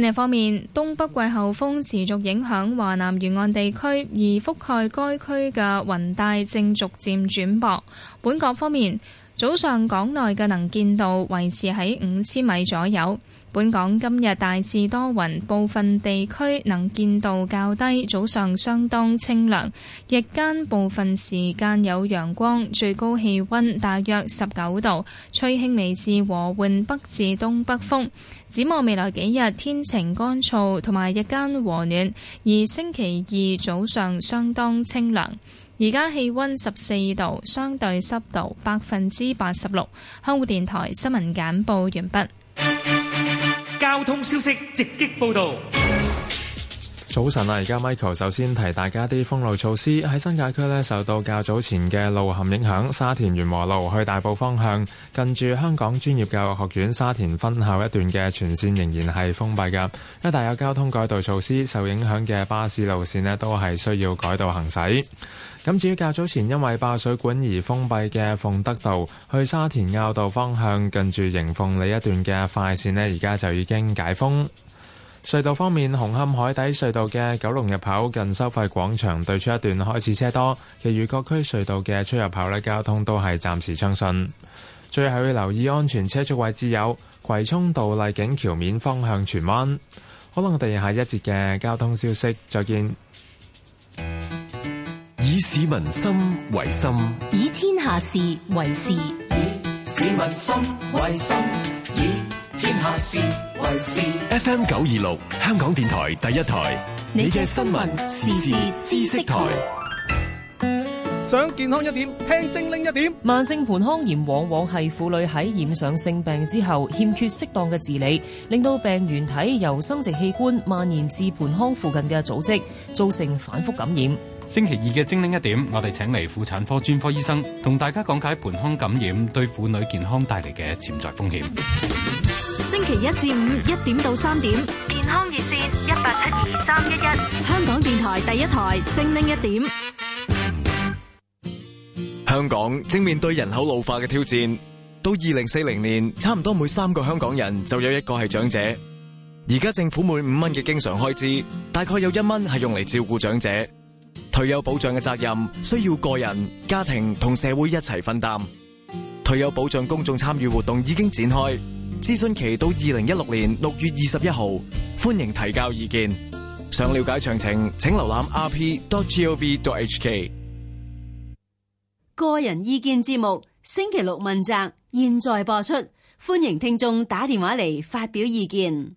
天氣方面，東北季候風持續影響華南沿岸地區，而覆蓋該區嘅雲帶正逐漸轉薄。本港方面。早上港內嘅能見度維持喺五千米左右。本港今日大致多雲，部分地區能見度較低。早上相當清涼，日間部分時間有陽光，最高氣溫大約十九度，吹輕微至和緩北至東北風，展望未來幾日天晴乾燥同埋日間和暖，而星期二早上相當清涼。而家氣溫十四度，相對濕度百分之八十六。香港電台新聞簡報完畢。交通消息直擊報道。早晨啊，而家 Michael 首先提大家啲封路措施。喺新界區呢，受到較早前嘅路陷影響，沙田元和路去大埔方向近住香港專業教育學院沙田分校一段嘅全線仍然係封閉㗎。一帶有交通改道措施，受影響嘅巴士路線呢，都係需要改道行駛。咁至於較早前因為爆水管而封閉嘅鳳德道去沙田坳道方向，近住迎鳳里一段嘅快線呢，而家就已經解封。隧道方面，紅磡海底隧道嘅九龍入口近收費廣場對出一段開始車多，其餘各區隧道嘅出入口呢，交通都係暫時暢順。最後要留意安全車速位置有葵涌道麗景橋面方向荃灣。好啦，我哋下一節嘅交通消息，再見。以市民心為心，以天下事為事。以市民心為心，以天下事為事。F M 九二六，香港電台第一台，你嘅新聞時事知識台，想健康一點，聽精靈一點。慢性盆腔炎往往係婦女喺染上性病之後，欠缺適當嘅治理，令到病原體由生殖器官蔓延至盆腔附近嘅組織，造成反覆感染。星期二嘅精靈一點，我哋請嚟婦產科專科醫生同大家講解盆腔感染對婦女健康帶嚟嘅潛在風險。星期一至五，一點到三點，健康熱線一八七二三一一，2, 3, 1, 1，香港電台第一台精靈一點。香港正面對人口老化嘅挑戰，到二零四零年，差唔多每三個香港人就有一個係長者。而家政府每五蚊嘅經常開支，大概有一蚊係用嚟照顧長者。退休保障嘅責任需要個人、家庭同社會一齊分擔。退休保障公眾參與活動已經展開，諮詢期到二零一六年六月二十一號，歡迎提交意見。想了解詳情，請瀏覽 rp.gov.hk。個人意見節目星期六問責，現在播出，歡迎聽眾打電話嚟發表意見。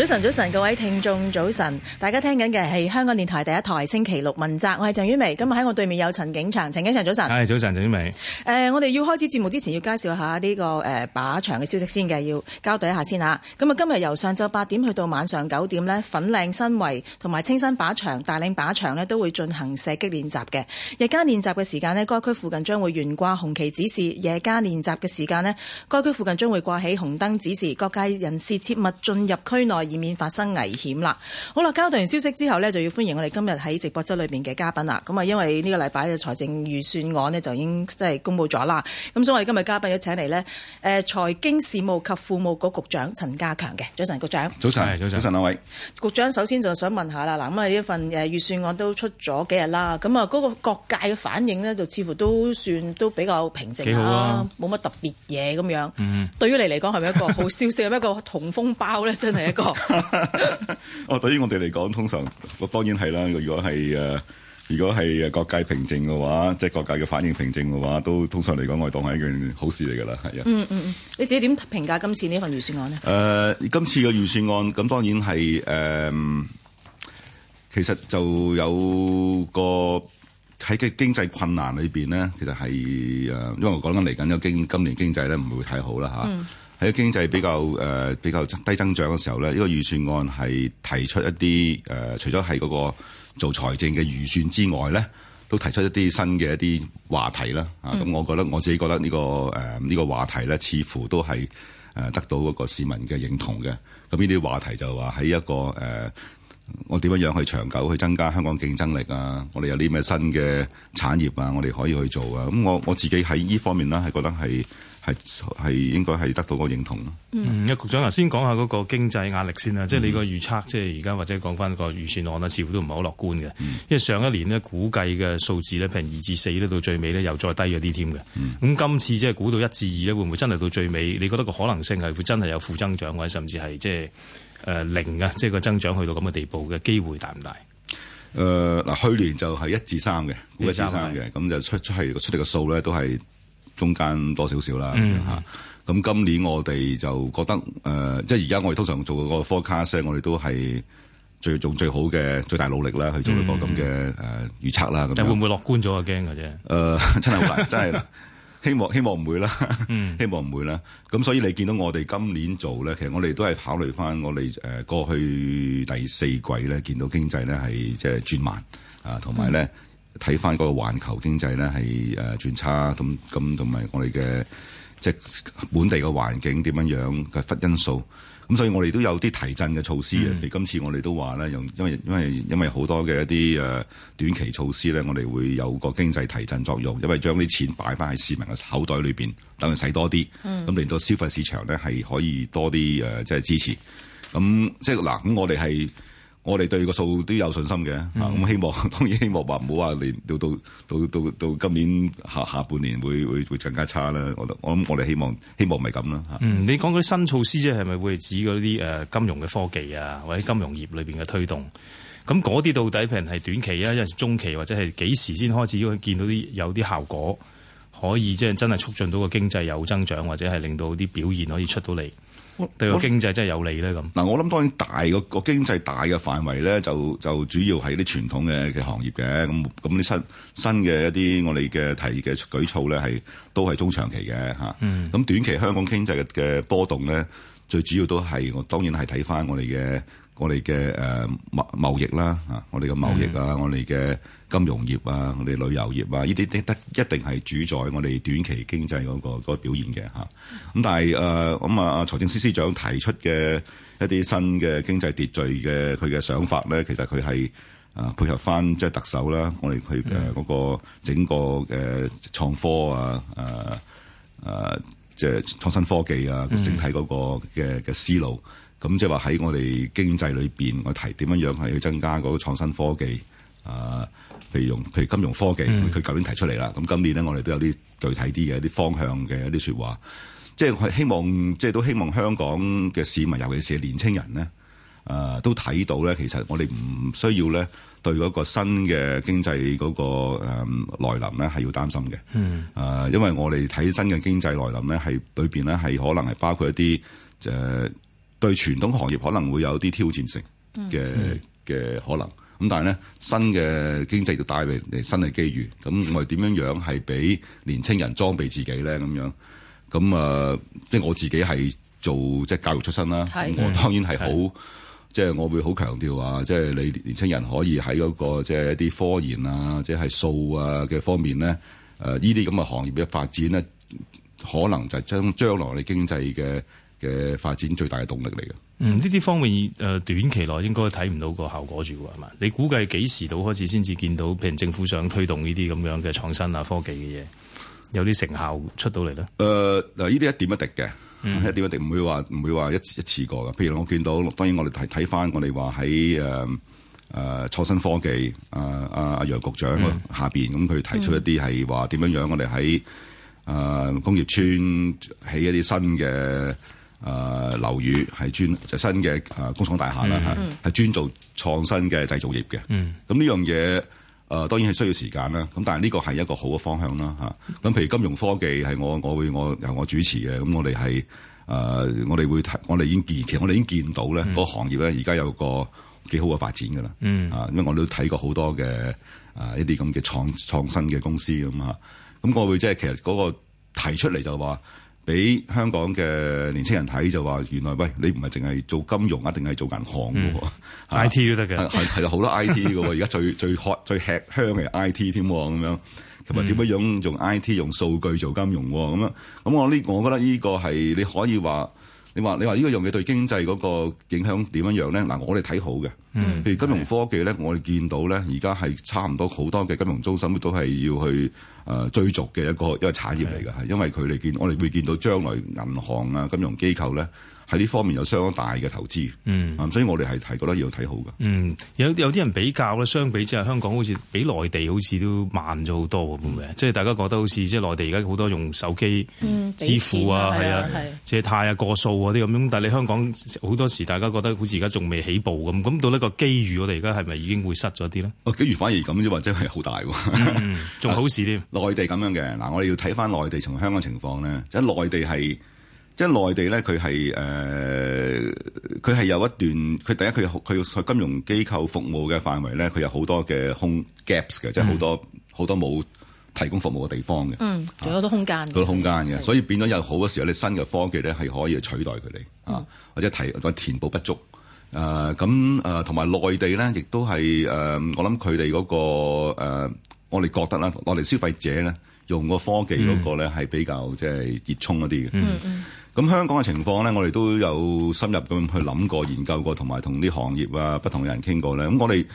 早晨，早晨，各位聽眾早晨！大家聽緊嘅係香港電台第一台星期六問責，我係鄭婉薇。今日喺我對面有陳景祥，陳景祥早晨。係，早晨，鄭婉薇。誒、呃、我哋要開始節目之前，要介紹下呢、這個誒、呃、靶場嘅消息先嘅，要交代一下先吓，咁啊，今日由上晝八點去到晚上九點咧，粉嶺新圍同埋青山靶場大嶺靶場咧，都會進行射擊練習嘅。日間練習嘅時間咧，該區附近將會懸掛紅旗指示；夜間練習嘅時間咧，該區附近將會掛起紅燈指示，各界人士切勿進入區內。以免發生危險啦。好啦，交代完消息之後呢，就要歡迎我哋今日喺直播室裏邊嘅嘉賓啦。咁啊，因為呢個禮拜嘅財政預算案呢，就已經即係公佈咗啦。咁所以我哋今日嘉賓要請嚟呢，誒財經事務及庫務局，局局長陳家強嘅，早晨，局長。早晨安，早晨，兩位。局長首先就想問下啦，嗱，咁啊，呢份誒預算案都出咗幾日啦，咁啊，嗰個各界嘅反應呢，就似乎都算都比較平靜，幾好啊，冇乜特別嘢咁樣。嗯、對於你嚟講，係咪一個好消息，係 一個同風包呢？真係一個。哦， 對於我哋嚟講，通常當當然係啦。如果係誒，如果係各界平靜嘅話，即係各界嘅反應平靜嘅話，都通常嚟講，我哋當係一件好事嚟噶啦。係啊，嗯嗯嗯，你自己點評價今次呢份預算案呢？誒、呃，今次嘅預算案咁，當然係誒、呃，其實就有個喺嘅經濟困難裏邊呢。其實係誒、呃，因為我講緊嚟緊經今年的經濟咧，唔會太好啦吓。嗯喺經濟比較誒、呃、比較低增長嘅時候咧，呢、呢個預算案係提出一啲誒、呃，除咗係嗰個做財政嘅預算之外咧，都提出一啲新嘅一啲話題啦。啊，咁我覺得我自己覺得呢、呢個誒呢、呃呢個話題咧，似乎都係誒得到嗰個市民嘅認同嘅。咁呢啲話題就話喺一個誒、呃我點樣樣去長久去增加香港競爭力啊？我哋有啲咩新嘅產業啊？我哋可以去做啊？咁我我自己喺呢方面呢係覺得係係係應該係得到個認同咯。嗯，阿是、嗯、局長頭先講下嗰個經濟壓力先啦。即係你個預測，嗯、即係而家或者講翻個預算案呢，似乎都唔係好樂觀嘅。嗯、因為上一年呢，估計嘅數字呢，譬如二至四呢，到最尾呢又再低咗啲添嘅。咁、嗯、今次即係估到一至二呢，會唔會真係到最尾？你覺得個可能性係會真係有負增長或者甚至係即係？誒，零啊、呃，即係個增長去到咁嘅地步嘅機會大唔大？誒，嗱，去年就係一至三嘅，一至三嘅，咁至的就出出係出嚟個數咧，都係中間多少少啦吓。咁、嗯啊、今年我哋就覺得誒、呃，即係而家我哋通常做個 forecast 我哋都係最做最好嘅最大努力啦，去做一個咁嘅誒預測啦。就會唔會樂觀咗啊？驚嘅啫。誒、呃，真係真係。 希望希望唔會啦，希望唔會啦。咁所以你見到我哋今年做咧，其實我哋都係考慮翻我哋誒過去第四季咧，見到經濟咧係即係轉慢啊，同埋咧睇翻個環球經濟咧係誒轉差，咁咁同埋我哋嘅即係本地嘅環境點樣樣嘅忽因素。咁所以我哋都有啲提振嘅措施。譬如今次我哋都話咧，用因為因為因為好多嘅一啲誒短期措施咧，我哋會有個經濟提振作用，因為將啲錢擺翻喺市民嘅口袋裏邊，等佢使多啲。咁令到消費市場咧，係可以多啲誒，即係支持。咁即係嗱，咁我哋係。我哋對個數都有信心嘅，咁希望當然希望話唔好話，嚟到到到到到今年下下半年會會更加差啦。我我諗我哋希望希望咪咁啦吓。嗯，你講佢啲新措施即係咪會指嗰啲誒金融嘅科技啊，或者金融業裏面嘅推動？咁嗰啲到底譬如係短期啊，一陣中期或者係幾時先開始見到啲有啲效果，可以即係真係促進到個經濟有增長，或者係令到啲表現可以出到嚟？對個經濟真係有利咧咁。嗱，我諗當然大個個經濟大嘅範圍咧，就就主要係啲傳統嘅嘅行業嘅，咁咁啲新新嘅一啲我哋嘅提議嘅舉措咧，係都係中長期嘅嚇。咁、嗯、短期香港經濟嘅波動咧，最主要都係我當然係睇翻我哋嘅我哋嘅誒貿貿易啦，我哋嘅貿易啊，嗯、我哋嘅。金融業啊，我哋旅遊業啊，呢啲得一定係主宰我哋短期經濟嗰個嗰個表現嘅嚇。咁但係誒，咁啊啊財政司司長提出嘅一啲新嘅經濟秩序嘅佢嘅想法咧，其實佢係啊配合翻即係特首啦，我哋去誒嗰個整個嘅創科啊，誒誒即係創新科技啊，整體嗰個嘅嘅思路。咁即係話喺我哋經濟裏邊，我提點樣樣係要增加嗰個創新科技啊。利用，譬如金融科技，佢舊年提出嚟啦。咁今年咧，我哋都有啲具體啲嘅一啲方向嘅一啲說話，即係佢希望，即係都希望香港嘅市民，尤其是年青人咧、呃，都睇到咧，其實我哋唔需要咧對嗰個新嘅經濟嗰、那個誒、嗯、來臨咧係要擔心嘅。啊、呃，因為我哋睇新嘅經濟來臨咧，係裏邊咧係可能係包括一啲誒、呃、對傳統行業可能會有啲挑戰性嘅嘅、嗯、可能。咁但係咧，新嘅經濟就帶嚟嚟新嘅機遇。咁我哋點樣樣係俾年青人裝備自己咧？咁樣，咁啊、呃，即係我自己係做即係、就是、教育出身啦。是我當然係好，即係是我會好強調啊。即、就、係、是、你年青人可以喺嗰、那個即係、就是、一啲科研啊，即係數啊嘅方面咧，誒呢啲咁嘅行業嘅發展咧，可能就係將將，將來你經濟嘅。嘅發展最大嘅動力嚟嘅，嗯，呢啲方面，誒、呃，短期內應該睇唔到個效果住，係嘛？你估計幾時到開始先至見到，譬如政府想推動呢啲咁樣嘅創新啊、科技嘅嘢，有啲成效出到嚟咧？誒、呃，嗱，呢啲一點一滴嘅，嗯、一點一滴唔會話唔會話一一次過嘅。譬如我見到，當然我哋睇睇翻，我哋話喺誒誒創新科技，呃、啊啊阿楊局長下邊，咁佢、嗯、提出一啲係話點樣樣，我哋喺誒工業村起一啲新嘅。誒、呃、樓宇係專就新嘅誒工廠大廈啦嚇，係、mm hmm. 專做創新嘅製造業嘅。咁呢、mm hmm. 樣嘢誒、呃、當然係需要時間啦。咁但係呢個係一個好嘅方向啦嚇。咁、啊、譬如金融科技係我我會我由我，我，我，我主持嘅，咁我哋係誒我哋會我哋已經其實我哋已，已經見到咧嗰個行業咧而家有個幾好嘅發展㗎啦。Mm hmm. 啊，因為我都睇過好多嘅啊一啲咁嘅創創新嘅公司咁嚇。咁、啊、我會即係其實嗰個提出嚟就話。俾香港嘅年青人睇就話，原來喂，你唔係淨係做金融做、嗯、啊，定係做銀行喎。I T 都得嘅，係係好多 I T 嘅，而家 最最喝最吃香嘅 I T 添咁樣，同埋點乜樣用？嗯、用 I T 用數據做金融咁樣，咁我呢？我覺得呢個係你可以話，你話你話呢個用嘅對經濟嗰個影響點樣樣咧？嗱、啊，我哋睇好嘅，嗯、譬如金融科技咧，是的 我哋見到咧而家係差唔多好多嘅金融中心都係要去。誒，追逐嘅一個一個產業嚟嘅，嚇，因為佢哋見我哋會見到將來銀行啊、金融機構咧。喺呢方面有相當大嘅投資，嗯，所以我哋係睇覺得要睇好嘅。嗯，有有啲人比較咧，相比之下香港好似比內地好似都慢咗好多喎，會、嗯、即係大家覺得好似即係內地而家好多用手機支付啊，係、嗯、啊，借貸啊、過數嗰啲咁樣，但係你香港好多時大家覺得好似而家仲未起步咁，咁到呢個機遇，我哋而家係咪已經會失咗啲咧？哦、啊，機遇反而咁啫，或者係好大喎，仲、嗯、 好事添、啊。內地咁樣嘅嗱，我哋要睇翻內地同香港情況咧，即係內地係。即係內地咧，佢係誒，佢、呃、係有一段。佢第一，佢佢要去金融機構服務嘅範圍咧，佢有好多嘅空 gaps 嘅，即係好多好的多冇提供服務嘅地方嘅。嗯，仲有好多空間。好、啊、多空間嘅，的所以變咗有好多時候，你的新嘅科技咧係可以取代佢哋、嗯、啊，或者提個填補不足。誒、呃，咁同埋內地咧，亦都係誒、呃，我諗佢哋嗰個、呃、我哋覺得啦，我哋消費者咧用個科技嗰個咧係、嗯、比較即係、就是、熱衷一啲嘅。嗯嗯。嗯。咁香港嘅情況咧，我哋都有深入咁去諗過、研究過，同埋同啲行業啊、不同嘅人傾過咧。咁我哋，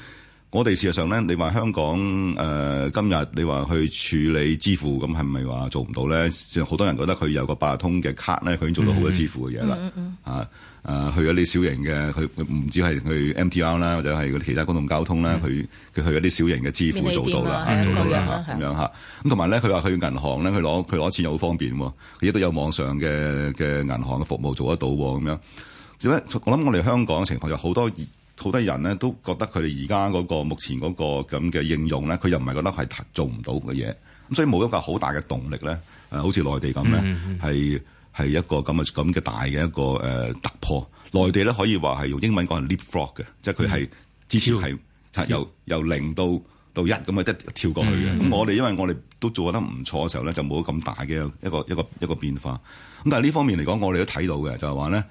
我哋事實上咧，你話香港誒、呃、今日你話去處理支付，咁係咪話做唔到咧？其實好多人覺得佢有個八達通嘅卡咧，佢已經做到好多支付嘅嘢啦。嗯啊誒去咗啲小型嘅，佢唔止係去 MTR 啦，或者係其他公共交通啦，佢佢、嗯、去咗啲小型嘅支付做到啦，啊、做到啦，咁、啊、樣吓，咁同埋咧，佢話去銀行咧，佢攞佢攞錢又好方便喎，亦都有網上嘅嘅銀行嘅服務做得到喎，咁樣。我諗我哋香港嘅情況就好多好多人咧，都覺得佢哋而家嗰個目前嗰個咁嘅應用咧，佢又唔係覺得係做唔到嘅嘢。咁所以冇一個好大嘅動力咧。好似內地咁咧，嗯嗯，係係一個咁啊咁嘅大嘅一個誒突破，內地咧可以話係用英文講係 Leapfrog 嘅，即係佢係之前係由跳由，由零到到一咁啊，即跳過去嘅。咁的我哋因為我哋都做得唔錯嘅時候咧，就冇咁大嘅一個一個一個，一個變化。咁但係呢方面嚟講，我哋都睇到嘅就係話咧，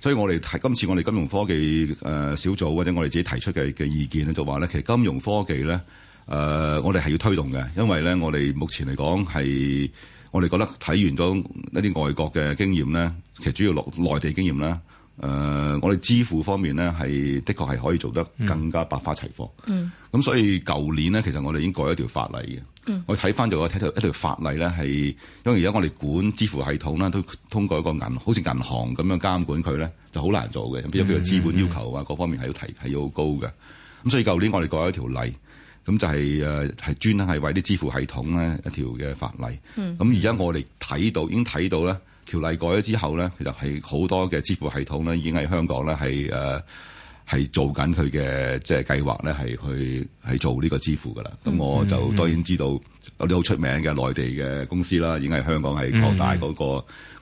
所以我哋今次我哋金融科技誒、呃、小組或者我哋自己提出嘅嘅意見咧，就話咧，其實金融科技咧誒、呃，我哋係要推動嘅，因為咧我哋目前嚟講係。我哋覺得睇完咗一啲外國嘅經驗咧，其實主要落內地經驗啦。誒、呃，我哋支付方面咧係的確係可以做得更加百花齊放、嗯。嗯。咁所以舊年咧，其實我哋已經改一條法例嘅。嗯。我睇翻就睇一條法例咧係，因為而家我哋管支付系統呢，都通過一個銀，好似銀行咁樣監管佢咧，就好難做嘅。咁因為譬如資本要求啊，各、嗯嗯、方面係要提係要好高嘅。咁所以舊年我哋改一條例。咁就係誒係專係為啲支付系統咧一條嘅法例。咁而家我哋睇到已經睇到咧條例改咗之後咧，其實係好多嘅支付系統咧已經喺香港咧係誒係做緊佢嘅即係計劃咧係去係做呢個支付㗎啦。咁、嗯嗯、我就當然、嗯嗯、知道有啲好出名嘅內地嘅公司啦，已經喺香港係擴大嗰、嗰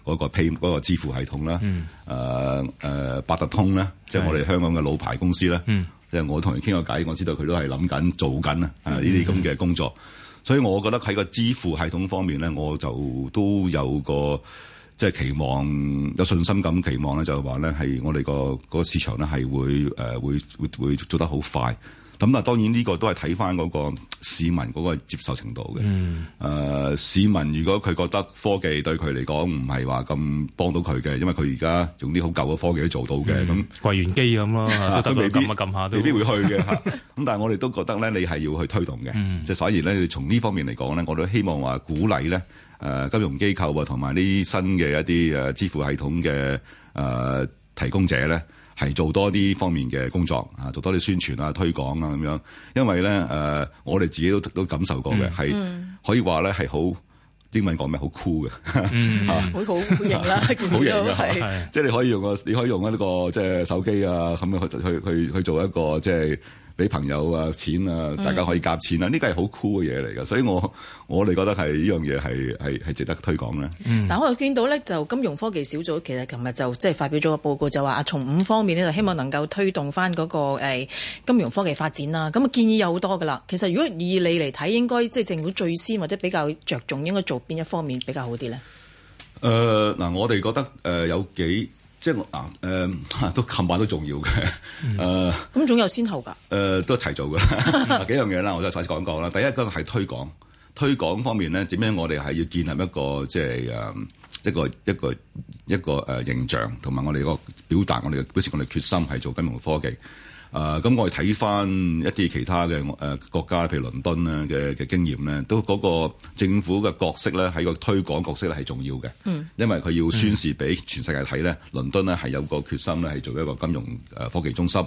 個嗰、嗯、個 pay 支付系統啦。誒誒、嗯，八達、呃呃、通咧，即係的我哋香港嘅老牌公司啦。嗯即係我同佢傾過偈，我知道佢都係諗緊做緊啊！呢啲咁嘅工作， 所以我覺得喺個支付系統方面咧，我就都有個即係期望，有信心咁期望咧，就係話咧係我哋個個市場咧係會誒、呃、會會會做得好快。咁啊，當然呢個都係睇翻嗰個市民嗰個接受程度嘅。誒、嗯呃、市民如果佢覺得科技對佢嚟講唔係話咁幫到佢嘅，因為佢而家用啲好舊嘅科技都做到嘅。咁櫃員機咁咯，撳下都未必會去嘅。咁 但係我哋都覺得咧，你係要去推動嘅。即係、嗯、所以咧，你從呢方面嚟講咧，我都希望話鼓勵咧金融機構啊，同埋啲新嘅一啲誒支付系統嘅誒提供者咧。係做多啲方面嘅工作啊，做多啲宣傳啊、推廣啊咁樣，因為咧誒、呃，我哋自己都都感受過嘅，係、嗯、可以話咧係好英文講咩好酷嘅嚇，會好型啦，好型嘅係，即係你可以用個，你可以用一呢個即係手機啊，咁樣去去去去做一個即係，俾朋友啊錢啊，大家可以夾錢啊，呢個係好酷嘅嘢嚟嘅，所以我我哋覺得係依樣嘢係係係值得推廣咧。嗯，但我又見到咧，就金融科技小組其實琴日就即係發表咗個報告，就話啊，從五方面呢，就希望能夠推動翻嗰個金融科技發展啦。咁啊，建議有好多噶啦。其實如果以你嚟睇，應該即係政府最先或者比較着重應該做邊一方面比較好啲咧？誒嗱、呃，我哋覺得誒、呃、有幾。即係我嗱，誒、呃、都冚唪都重要嘅，誒咁、嗯呃、總有先後㗎。誒、呃、都一齊做嘅， 幾樣嘢啦，我都首先講一講啦。第一個係推廣，推廣方面咧，點樣我哋係要建立一個即係誒一個一個一個誒、呃、形象，同埋我哋個表達我哋，我哋嘅，表示我哋決心係做金融科技。啊，咁、呃、我哋睇翻一啲其他嘅誒國家，譬如倫敦咧嘅嘅經驗咧，都嗰個政府嘅角色咧，喺個推廣角色咧係重要嘅，嗯、因為佢要宣示俾全世界睇咧，嗯、倫敦咧係有個決心咧係做一個金融、呃、科技中心。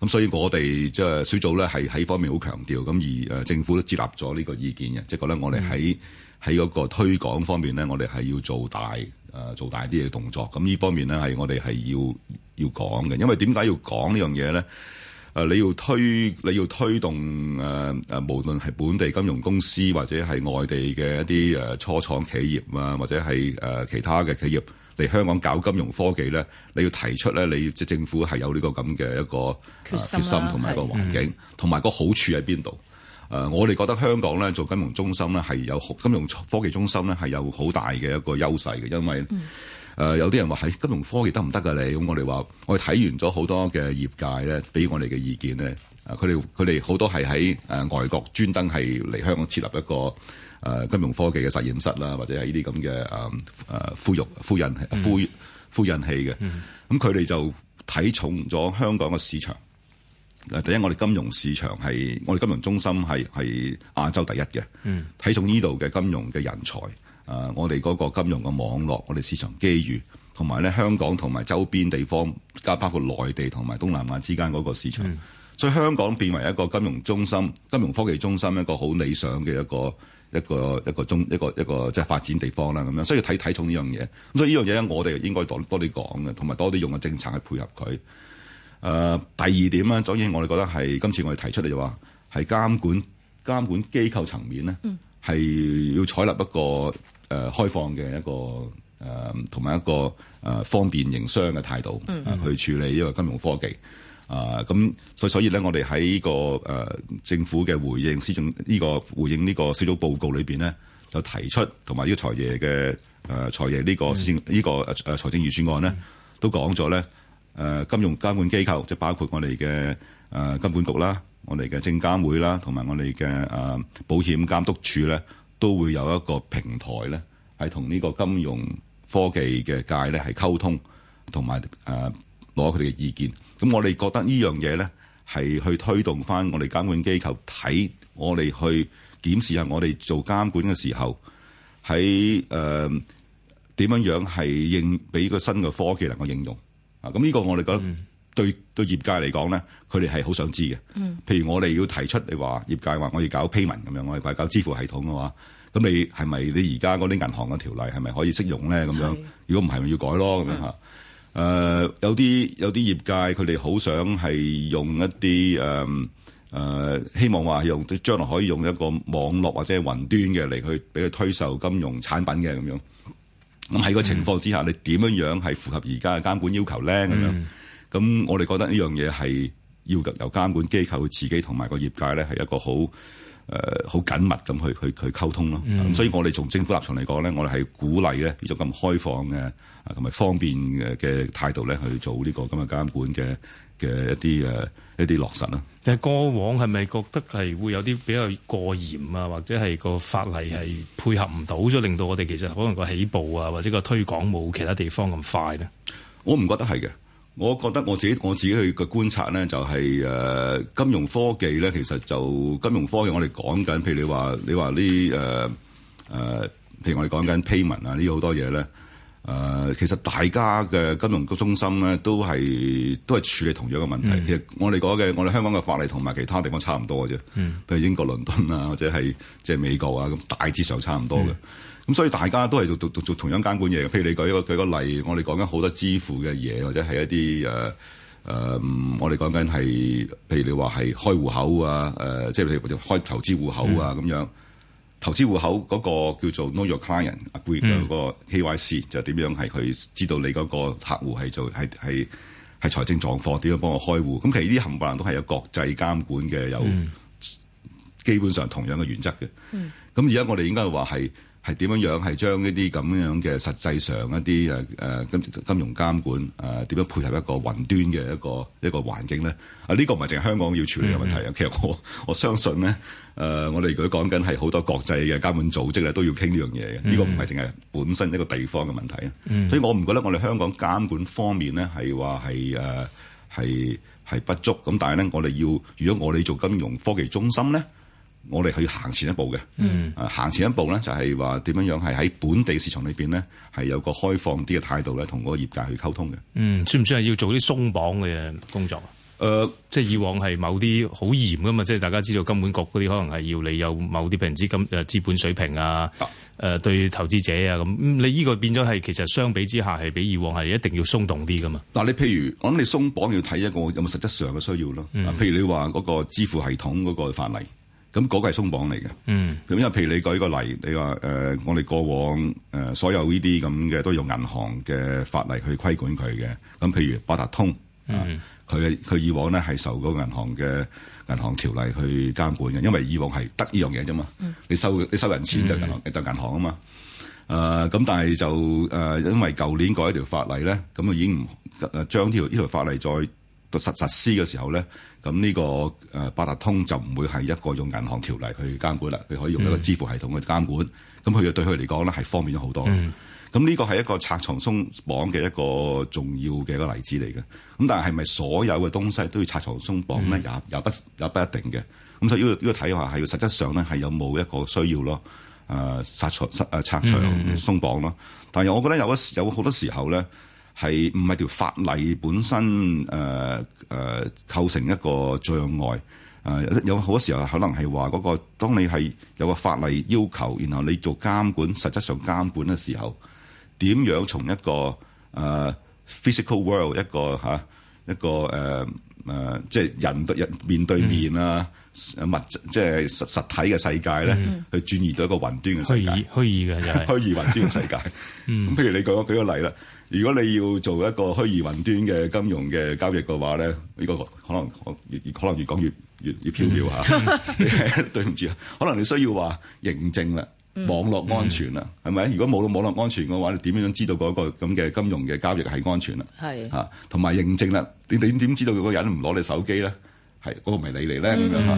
咁所以我哋即係小組咧係喺方面好強調，咁而誒政府都接納咗呢個意見嘅，即係覺得我哋喺喺嗰個推廣方面咧，我哋係要做大。誒做大啲嘅動作，咁呢方面咧係我哋係要要講嘅，因為點解要講呢樣嘢咧？誒，你要推你要推動誒誒，無論係本地金融公司或者係外地嘅一啲誒初創企業啊，或者係誒其他嘅企業嚟香港搞金融科技咧，你要提出咧，你即政府係有呢個咁嘅一個決心同埋個環境，同埋、啊嗯、個好處喺邊度？誒，我哋覺得香港咧做金融中心咧係有金融科技中心咧係有好大嘅一個優勢嘅，因為誒有啲人話喺、哎、金融科技得唔得㗎？你咁我哋話，我哋睇完咗好多嘅業界咧，俾我哋嘅意見咧，佢哋佢哋好多係喺誒外國專登係嚟香港設立一個誒金融科技嘅實驗室啦，或者係呢啲咁嘅誒誒孵育呼印孵孵印器嘅，咁佢哋就睇重咗香港嘅市場。第一，我哋金融市場係我哋金融中心係係亞洲第一嘅，嗯、睇重呢度嘅金融嘅人才。誒，我哋嗰個金融嘅網絡，我哋市場機遇，同埋咧香港同埋周邊地方，加包括內地同埋東南亞之間嗰個市場。嗯、所以香港變為一個金融中心、金融科技中心一一，一個好理想嘅一個一個一個中一個一個即係發展地方啦。咁樣，所以睇睇重呢樣嘢。咁所以呢樣嘢咧，我哋應該多多啲講嘅，同埋多啲用嘅政策去配合佢。誒、呃、第二點咧，所以我哋覺得係今次我哋提出嚟就話係監管監管機構層面咧，係、嗯、要採納一個誒、呃、開放嘅一個誒同埋一個誒、呃、方便營商嘅態度、呃、去處理呢個金融科技。啊、呃，咁所所以咧、這個，我哋喺呢個誒政府嘅回應施政呢個回應呢個施政報告裏面咧，就提出同埋呢個財爺嘅誒、呃、財爺呢個施政呢、嗯這個誒、啊、財政預算案咧，都講咗咧。誒金融監管機構，即包括我哋嘅誒金管局啦，我哋嘅證監會啦，同埋我哋嘅誒保險監督處咧，都會有一個平台咧，係同呢個金融科技嘅界咧係溝通，同埋誒攞佢哋嘅意見。咁我哋覺得呢樣嘢咧係去推動翻我哋監管機構睇我哋去檢視下我哋做監管嘅時候喺誒點樣樣係應俾個新嘅科技能夠應用。啊！咁呢個我哋覺得對對業界嚟講咧，佢哋係好想知嘅。嗯、譬如我哋要提出你話業界話我要搞 payment 咁樣，我哋快搞支付系統嘅話，咁你係咪你而家嗰啲銀行嘅條例係咪可以適用咧？咁是樣如果唔係咪要改咯咁嚇？誒有啲有啲業界佢哋好想係用一啲誒、呃呃、希望話用將來將來可以用一個網絡或者係雲端嘅嚟去俾佢推售金融產品嘅咁樣。咁喺個情況之下，你點樣樣係符合而家嘅監管要求咧？咁樣、咁、嗯、我哋覺得呢樣嘢係要由監管機構自己同埋個業界咧，係一個好。誒好、呃、緊密咁去去去溝通咯，嗯、所以我哋從政府立場嚟講咧，我哋係鼓勵咧呢種咁開放嘅，同、啊、埋方便嘅嘅態度咧去做呢個咁嘅監管嘅嘅一啲誒、啊、一啲落實啦。但係過往係咪覺得係會有啲比較過嚴啊，或者係個法例係配合唔到，咗令到我哋其實可能個起步啊，或者個推廣冇其他地方咁快咧？我唔覺得係嘅。我覺得我自己我自己去個觀察咧，就係誒金融科技咧，其實就金融科技我哋講緊，譬如你話你話啲誒誒，譬如我哋講緊 payment 啊，呢好多嘢咧。誒、呃，其實大家嘅金融中心咧，都係都係處理同樣嘅問題。嗯、其實我哋講嘅，我哋香港嘅法例同埋其他地方差唔多嘅啫。嗯，譬如英國倫敦啊，或者係即係美國啊，咁大致上差唔多嘅。咁、嗯、所以大家都係做做做同樣監管嘢。譬如你舉一個舉個例，我哋講緊好多支付嘅嘢，或者係一啲誒誒，我哋講緊係譬如你話係開戶口啊，誒、呃，即係譬如開投資戶口啊咁、嗯、樣。投資戶口嗰個叫做 Know Your Client 啊、嗯，嗰個 KYC 就點樣係佢知道你嗰個客戶係做係係係財政狀況點樣幫我開戶？咁其實呢啲冚唪唥都係有國際監管嘅，有基本上同樣嘅原則嘅。咁而家我哋應該話係。係點樣樣？係將呢啲咁樣嘅實際上一啲誒誒金金融監管誒點樣配合一個雲端嘅一個一個環境咧？啊，呢個唔係淨係香港要處理嘅問題啊！嗯嗯其實我我相信咧，誒、呃、我哋如果講緊係好多國際嘅監管組織咧，都要傾呢樣嘢嘅。嗯嗯呢個唔係淨係本身一個地方嘅問題啊！嗯嗯所以我唔覺得我哋香港監管方面咧係話係誒係係不足。咁但係咧，我哋要如果我哋做金融科技中心咧？我哋去行前一步嘅，行、嗯、前一步咧就係話點樣係喺本地市場裏面咧，係有個開放啲嘅態度咧，同嗰個業界去溝通嘅。嗯，算唔算係要做啲鬆綁嘅工作啊？呃、即係以往係某啲好嚴噶嘛，即係大家知道金管局嗰啲可能係要你有某啲平資金資本水平啊，誒、啊啊、對投資者啊咁、嗯，你呢個變咗係其實相比之下係比以往係一定要鬆動啲噶嘛。嗱，你譬如我諗你鬆綁要睇一個有冇實質上嘅需要咯。嗯、譬如你話嗰個支付系統嗰個法例。咁嗰個係鬆綁嚟嘅，咁又、嗯、譬如你舉個例，你話、呃、我哋過往、呃、所有呢啲咁嘅都用銀行嘅法例去規管佢嘅，咁譬如八達通，佢佢、嗯啊、以往咧係受嗰個銀行嘅銀行條例去監管嘅，因為以往係得呢樣嘢啫嘛，嗯、你收你收人錢就銀行、嗯、就銀行啊嘛，誒、呃、咁但係就、呃、因為舊年改一條法例咧，咁啊已經唔將、啊、將呢條、呢條法例再。實實施嘅時候咧，咁呢、這個誒八、呃、達通就唔會係一個用銀行條例去監管啦，佢可以用一個支付系統去監管，咁佢、嗯、對佢嚟講咧係方便咗好多。咁呢、嗯、個係一個拆牆鬆綁嘅一個重要嘅一個例子嚟嘅。咁但係係咪所有嘅東西都要拆牆鬆綁咧？也也、嗯、不也不一定嘅。咁所以呢個呢睇下係要，要話實質上咧係有冇一個需要咯？誒、呃、拆牆鬆綁咯。嗯嗯、但係我覺得有時有好多時候咧。係唔係條法例本身？誒、呃、誒、呃，構成一個障礙。誒、呃，有好多時候可能係話嗰個，當你係有個法例要求，然後你做監管，實質上監管嘅時候，點樣從一個誒、呃、physical world 一個吓、啊、一個誒誒、呃，即係人對人面對面啊，嗯、物即係實實體嘅世界咧，嗯、去轉移到一個雲端嘅世界。虛擬虛擬嘅虛擬雲端嘅世界。 嗯，譬如你舉個例啦。如果你要做一個虛擬雲端嘅金融嘅交易嘅話咧，呢、這個可能越越可能越講越越越飄渺嚇，嗯、 對唔住啊！可能你需要話認證啦，網絡安全啦，係咪、嗯？如果冇咗網絡安全嘅話，你點樣知道嗰個咁嘅金融嘅交易係安全啦？係嚇是，同埋認證啦，你點點知道嗰個人唔攞你手機咧？係嗰、那個咪你嚟咧咁樣嚇，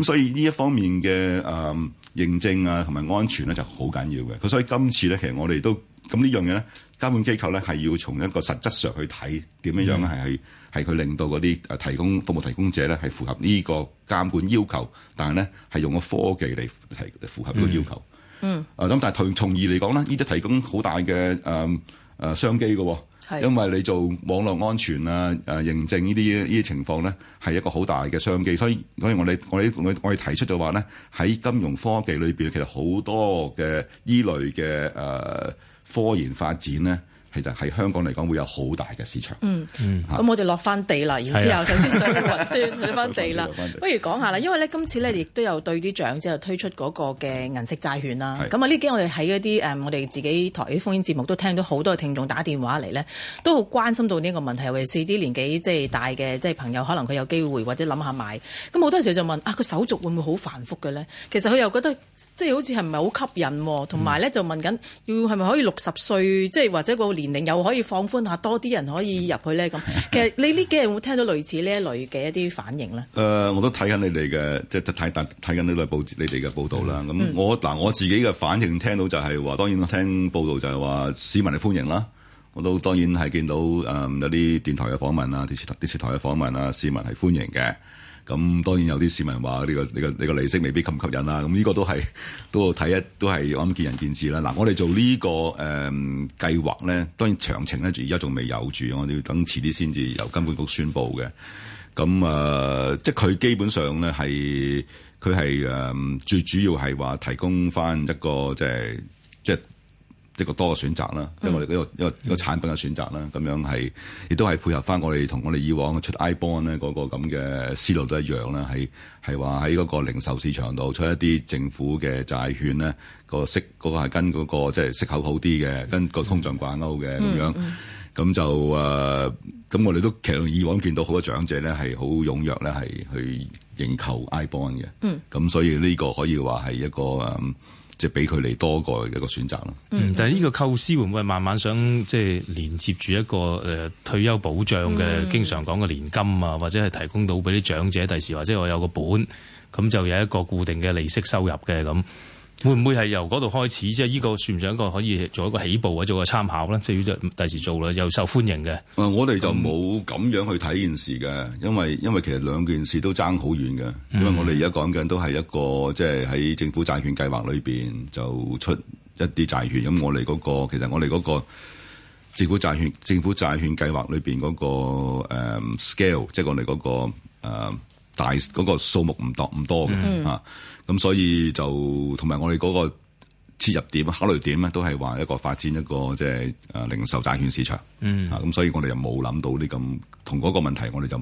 咁所以呢一方面嘅誒、嗯、認證啊，同埋安全咧就好緊要嘅。佢所以今次咧，其實我哋都咁呢樣嘢咧。監管機構咧，係要從一個實質上去睇，點樣樣係係係佢令到嗰啲誒提供服務提供者咧係符合呢個監管要求，但係咧係用個科技嚟提符合呢個要求。嗯嗯、啊。嗯。啊，咁但係從從而嚟講咧，呢啲提供好大嘅誒誒商機嘅、哦。係，是因為你做網絡安全啊、誒、啊、認證呢啲呢啲情況咧，係一個好大嘅商機，所以所以我哋我哋我我哋提出就話咧，喺金融科技裏邊其實好多嘅依類嘅誒、啊、科研發展咧。其實喺香港嚟講，會有好大嘅市場。嗯，咁、嗯、是我哋落翻地啦，然之後首先上雲端，睇翻是、啊、 地啦。不如講下啦，因為呢今次呢亦都有對啲長者推出嗰個嘅銀色債券啦。咁啊是，呢幾日我哋喺一啲誒我哋自己台風演節目都聽到好多嘅聽眾打電話嚟呢，都好關心到呢個問題。尤其是啲年紀即係大嘅，即係朋友，可能佢有機會或者諗下買。咁好多時候就問啊，個手續會唔會好繁複嘅呢？其實佢又覺得即係好似係唔係好吸引喎，同埋呢，就問緊要係咪可以六十歲即係或者個年。年齡又可以放寬下，多啲人可以入去咧咁。其實你呢幾日有冇聽到類似呢一類嘅一啲反應咧？誒、 呃，我都睇緊你哋嘅，即係睇睇緊呢類報你哋嘅報道啦。咁、嗯、我嗱我自己嘅反應聽到就係話，當然我聽報道就係話市民係歡迎啦。我都當然係見到誒、呃、有啲電台嘅訪問啊，電視台電視台嘅訪問啊，市民係歡迎嘅。咁當然有啲市民話呢、這個呢個呢個利息未必咁吸，吸引啦、啊，咁呢個都係都睇一都係我諗見仁見智啦。嗱，我哋做呢、這個誒、呃、計劃咧，當然詳情咧，而家仲未有住，我哋要等遲啲先至由金管局宣布嘅。咁啊、呃，即係佢基本上咧係佢係誒最主要係話提供返一個即係即。即一個多嘅選擇啦，因為我哋呢個、嗰個、嗰個產品嘅選擇啦，咁樣係，亦都係配合翻我哋同我哋以往出 I bond 咧嗰個咁嘅思路都一樣啦，係係話喺嗰個零售市場度出一啲政府嘅債券咧，嗰個息嗰、嗰個係跟嗰、嗰個即係、就是、息口好啲嘅，跟個通脹掛鈎嘅咁樣，咁就誒，咁、呃、我哋都其實以往見到好多長者咧係好踴躍咧係去認購 I bond 嘅，咁、嗯、所以呢個可以話係一個誒。嗯即係俾佢哋多個嘅一個選擇咯。嗯，但係呢個構思會唔會慢慢想即係連接住一個誒退休保障嘅，嗯、經常講嘅年金啊，或者係提供到俾啲長者，第時，或者我有個本，咁就有一個固定嘅利息收入嘅咁。會唔會係由嗰度開始？即係呢個算唔算一個可以做一個起步或者做個參考咧？即係要第時做啦，又受歡迎嘅。我哋就冇咁樣去睇件事嘅，因為因為其實兩件事都爭好遠嘅。嗯、因為我哋而家講緊都係一個即係喺政府債券計劃裏邊就出一啲債券。咁我哋嗰個其實我哋嗰個政府債券政府債券計劃裏邊嗰個誒、um, scale，即係我哋嗰個誒、uh, 大嗰個數目唔多唔多嘅咁所以就同埋我哋嗰個切入點考慮點咧，都係話一個發展一個即係誒零售債券市場。嗯，啊咁，所以我哋又冇諗到啲咁同嗰個問題，我哋就。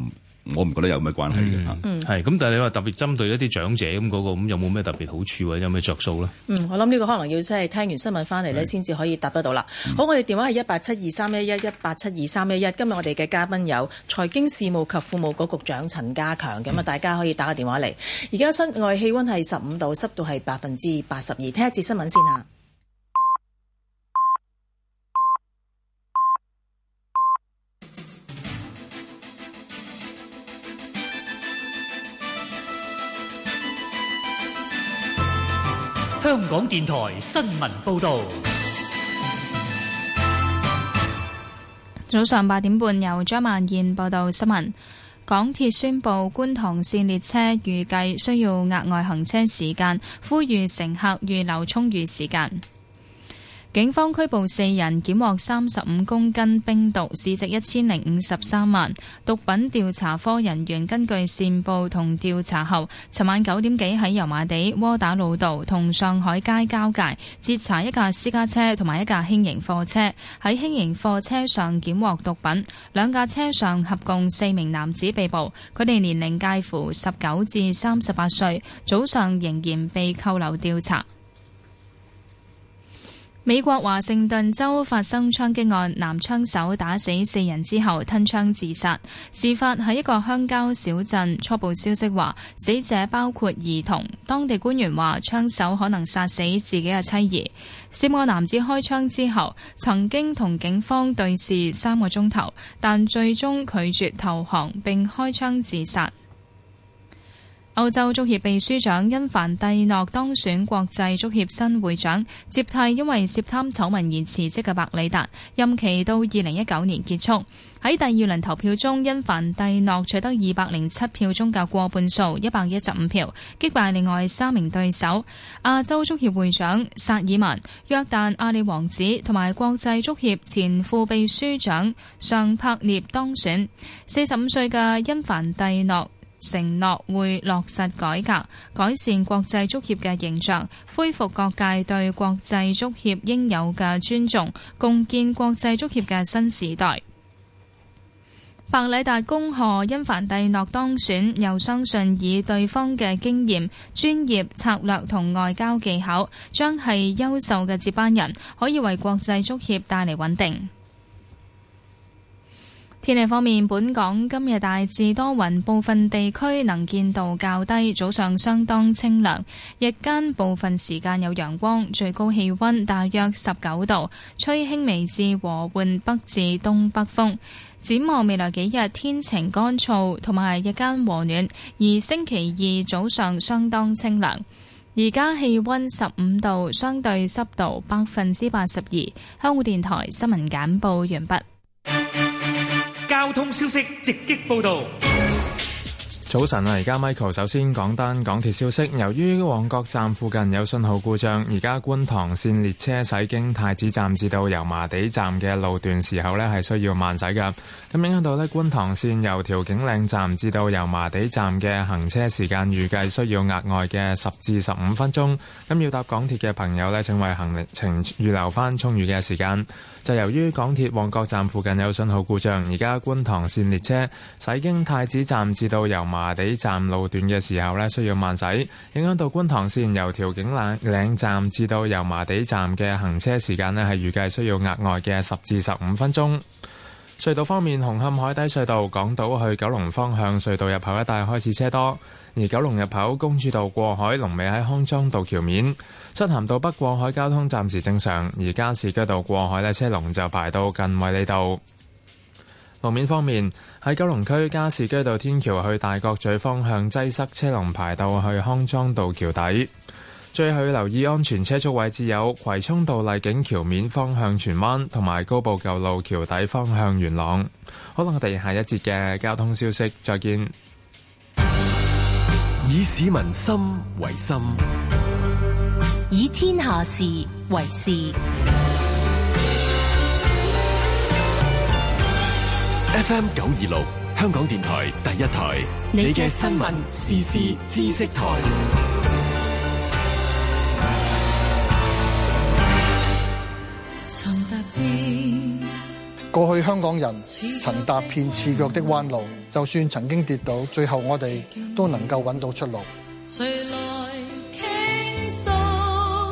我唔覺得有咩關係嘅。吓，係咁，但係你話特別針對一啲長者咁嗰個，咁有冇咩特別好處或者有咩着數呢？嗯，那個、有有，嗯，我諗呢個可能要即係聽完新聞翻嚟呢先至可以答得到啦。嗯、好，我哋電話係一八七二三一一一八七二三一一，今日我哋嘅嘉賓有財經事務及庫務局局長陳家強，咁啊，大家可以打個電話嚟。而家室外氣溫係十五度，濕度係百分之八十二。聽一次新聞先吓。香港電台新聞報道，早上八點半由張萬燕報道新聞。港鐵宣布觀塘線列車預計需要額外行車時間，呼籲乘客預留充裕時間。警方拘捕四人，檢獲三十五公斤冰毒，市值一千零五十三萬。毒品調查科人員根據線報同調查後，尋晚九點幾喺油麻地窩打老道同上海街交界截查一架私家車同埋一架輕型貨車，喺輕型貨車上檢獲毒品。兩架車上合共四名男子被捕，佢哋年齡介乎十九至三十八歲，早上仍然被扣留調查。美國華盛頓州發生槍擊案，男槍手打死四人之後吞槍自殺。事發喺一個鄉郊小鎮，初步消息話死者包括兒童。當地官員話槍手可能殺死自己嘅妻兒。涉案男子開槍之後，曾經同警方對峙三個鐘頭，但最終拒絕投降並開槍自殺。澳洲足協秘書長因凡蒂諾當選國際足協新會長，接替因為涉貪醜聞而辭職嘅白里達，任期到二零一九年結束。喺第二輪投票中，因凡蒂諾取得二百零七票中嘅過半數一百一十五票，擊敗另外三名對手。亞洲足協會長薩爾曼、約旦阿里王子同埋國際足協前副秘書長尚柏涅當選。四十五歲嘅因凡蒂諾承諾會落實改革，改善國際足協嘅形象，恢復各界對國際足協應有嘅尊重，共建國際足協嘅新時代。白禮達恭賀因凡蒂諾當選，又相信以對方嘅經驗、專業、策略同外交技巧，將係優秀嘅接班人，可以為國際足協帶嚟穩定。天氣方面，本港今日大致多雲，部分地區能見度較低。早上相當清涼，日間部分時間有陽光，最高氣温大約十九度，吹輕微至和緩北至東北風。展望未來幾日，天晴乾燥，同埋日間和暖，而星期二早上相當清涼。而家氣温十五度，相對濕度百分之八十二。香港電台新聞簡報完畢。交通消息直擊報道。早晨啊，而家 Michael 首先講單港鐵消息。由於旺角站附近有信號故障，而家觀塘綫列車駛經太子站至到油麻地站嘅路段時候呢係需要慢駛噶咁影響到呢，觀塘綫由調景嶺站至到油麻地站嘅行車時間預計需要額外嘅十至十五分鐘。咁要搭港鐵嘅朋友呢，請為行程預留翻充裕嘅時間。就由於港鐵旺角站附近有信號故障，而家觀塘線列車駛經太子站至到油麻地站路段嘅時候咧，需要慢駛，影響到觀塘線由調景嶺嶺站至到油麻地站嘅行車時間咧，係預計需要額外嘅十至十五分鐘。隧道方面，紅磡海底隧道港島去九龍方向隧道入口一帶開始車多，而九龍入口公主道過海龍尾喺康莊道橋面。西咸道北過海交通暫時正常，而加士居道過海呢車龍就排到近位呢度。路面方面喺九龍區加士居道天橋去大角咀方向擠塞車，車龍排到去康莊道橋底。最後要留意安全車速位置有葵涌道麗景橋面方向荃灣，同埋高步舊路橋底方向元朗。好啦，我哋下一節嘅交通消息再見。以市民心為心。下事為事，FM 九二六香港電台第一台，你嘅新聞時事知識台。曾踏遍過去香港人，曾踏遍刺腳的彎路，就算曾經跌倒，最後我哋都能夠揾到出路。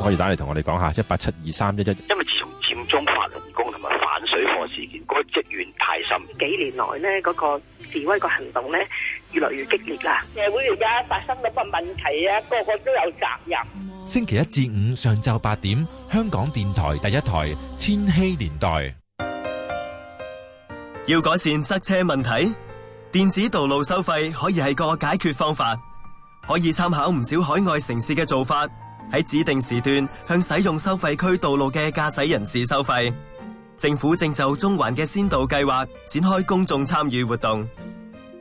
可以打嚟同我哋講下一八七二三一一，2, 3, 1, 1因為自從佔中、法輪功同埋反水貨事件，嗰、那個積怨太深。幾年來呢嗰、那個示威個行動呢越來越激烈啦。社會而家發生嗰個問題啊，個個都有責任。星期一至五上晝八點，香港電台第一台千禧年代。要改善塞車問題，電子道路收費可以係個解決方法，可以參考唔少海外城市嘅做法。喺指定時段向使用收費區道路嘅駕駛人士收費。政府正就中環嘅先導計劃展開公眾參與活動，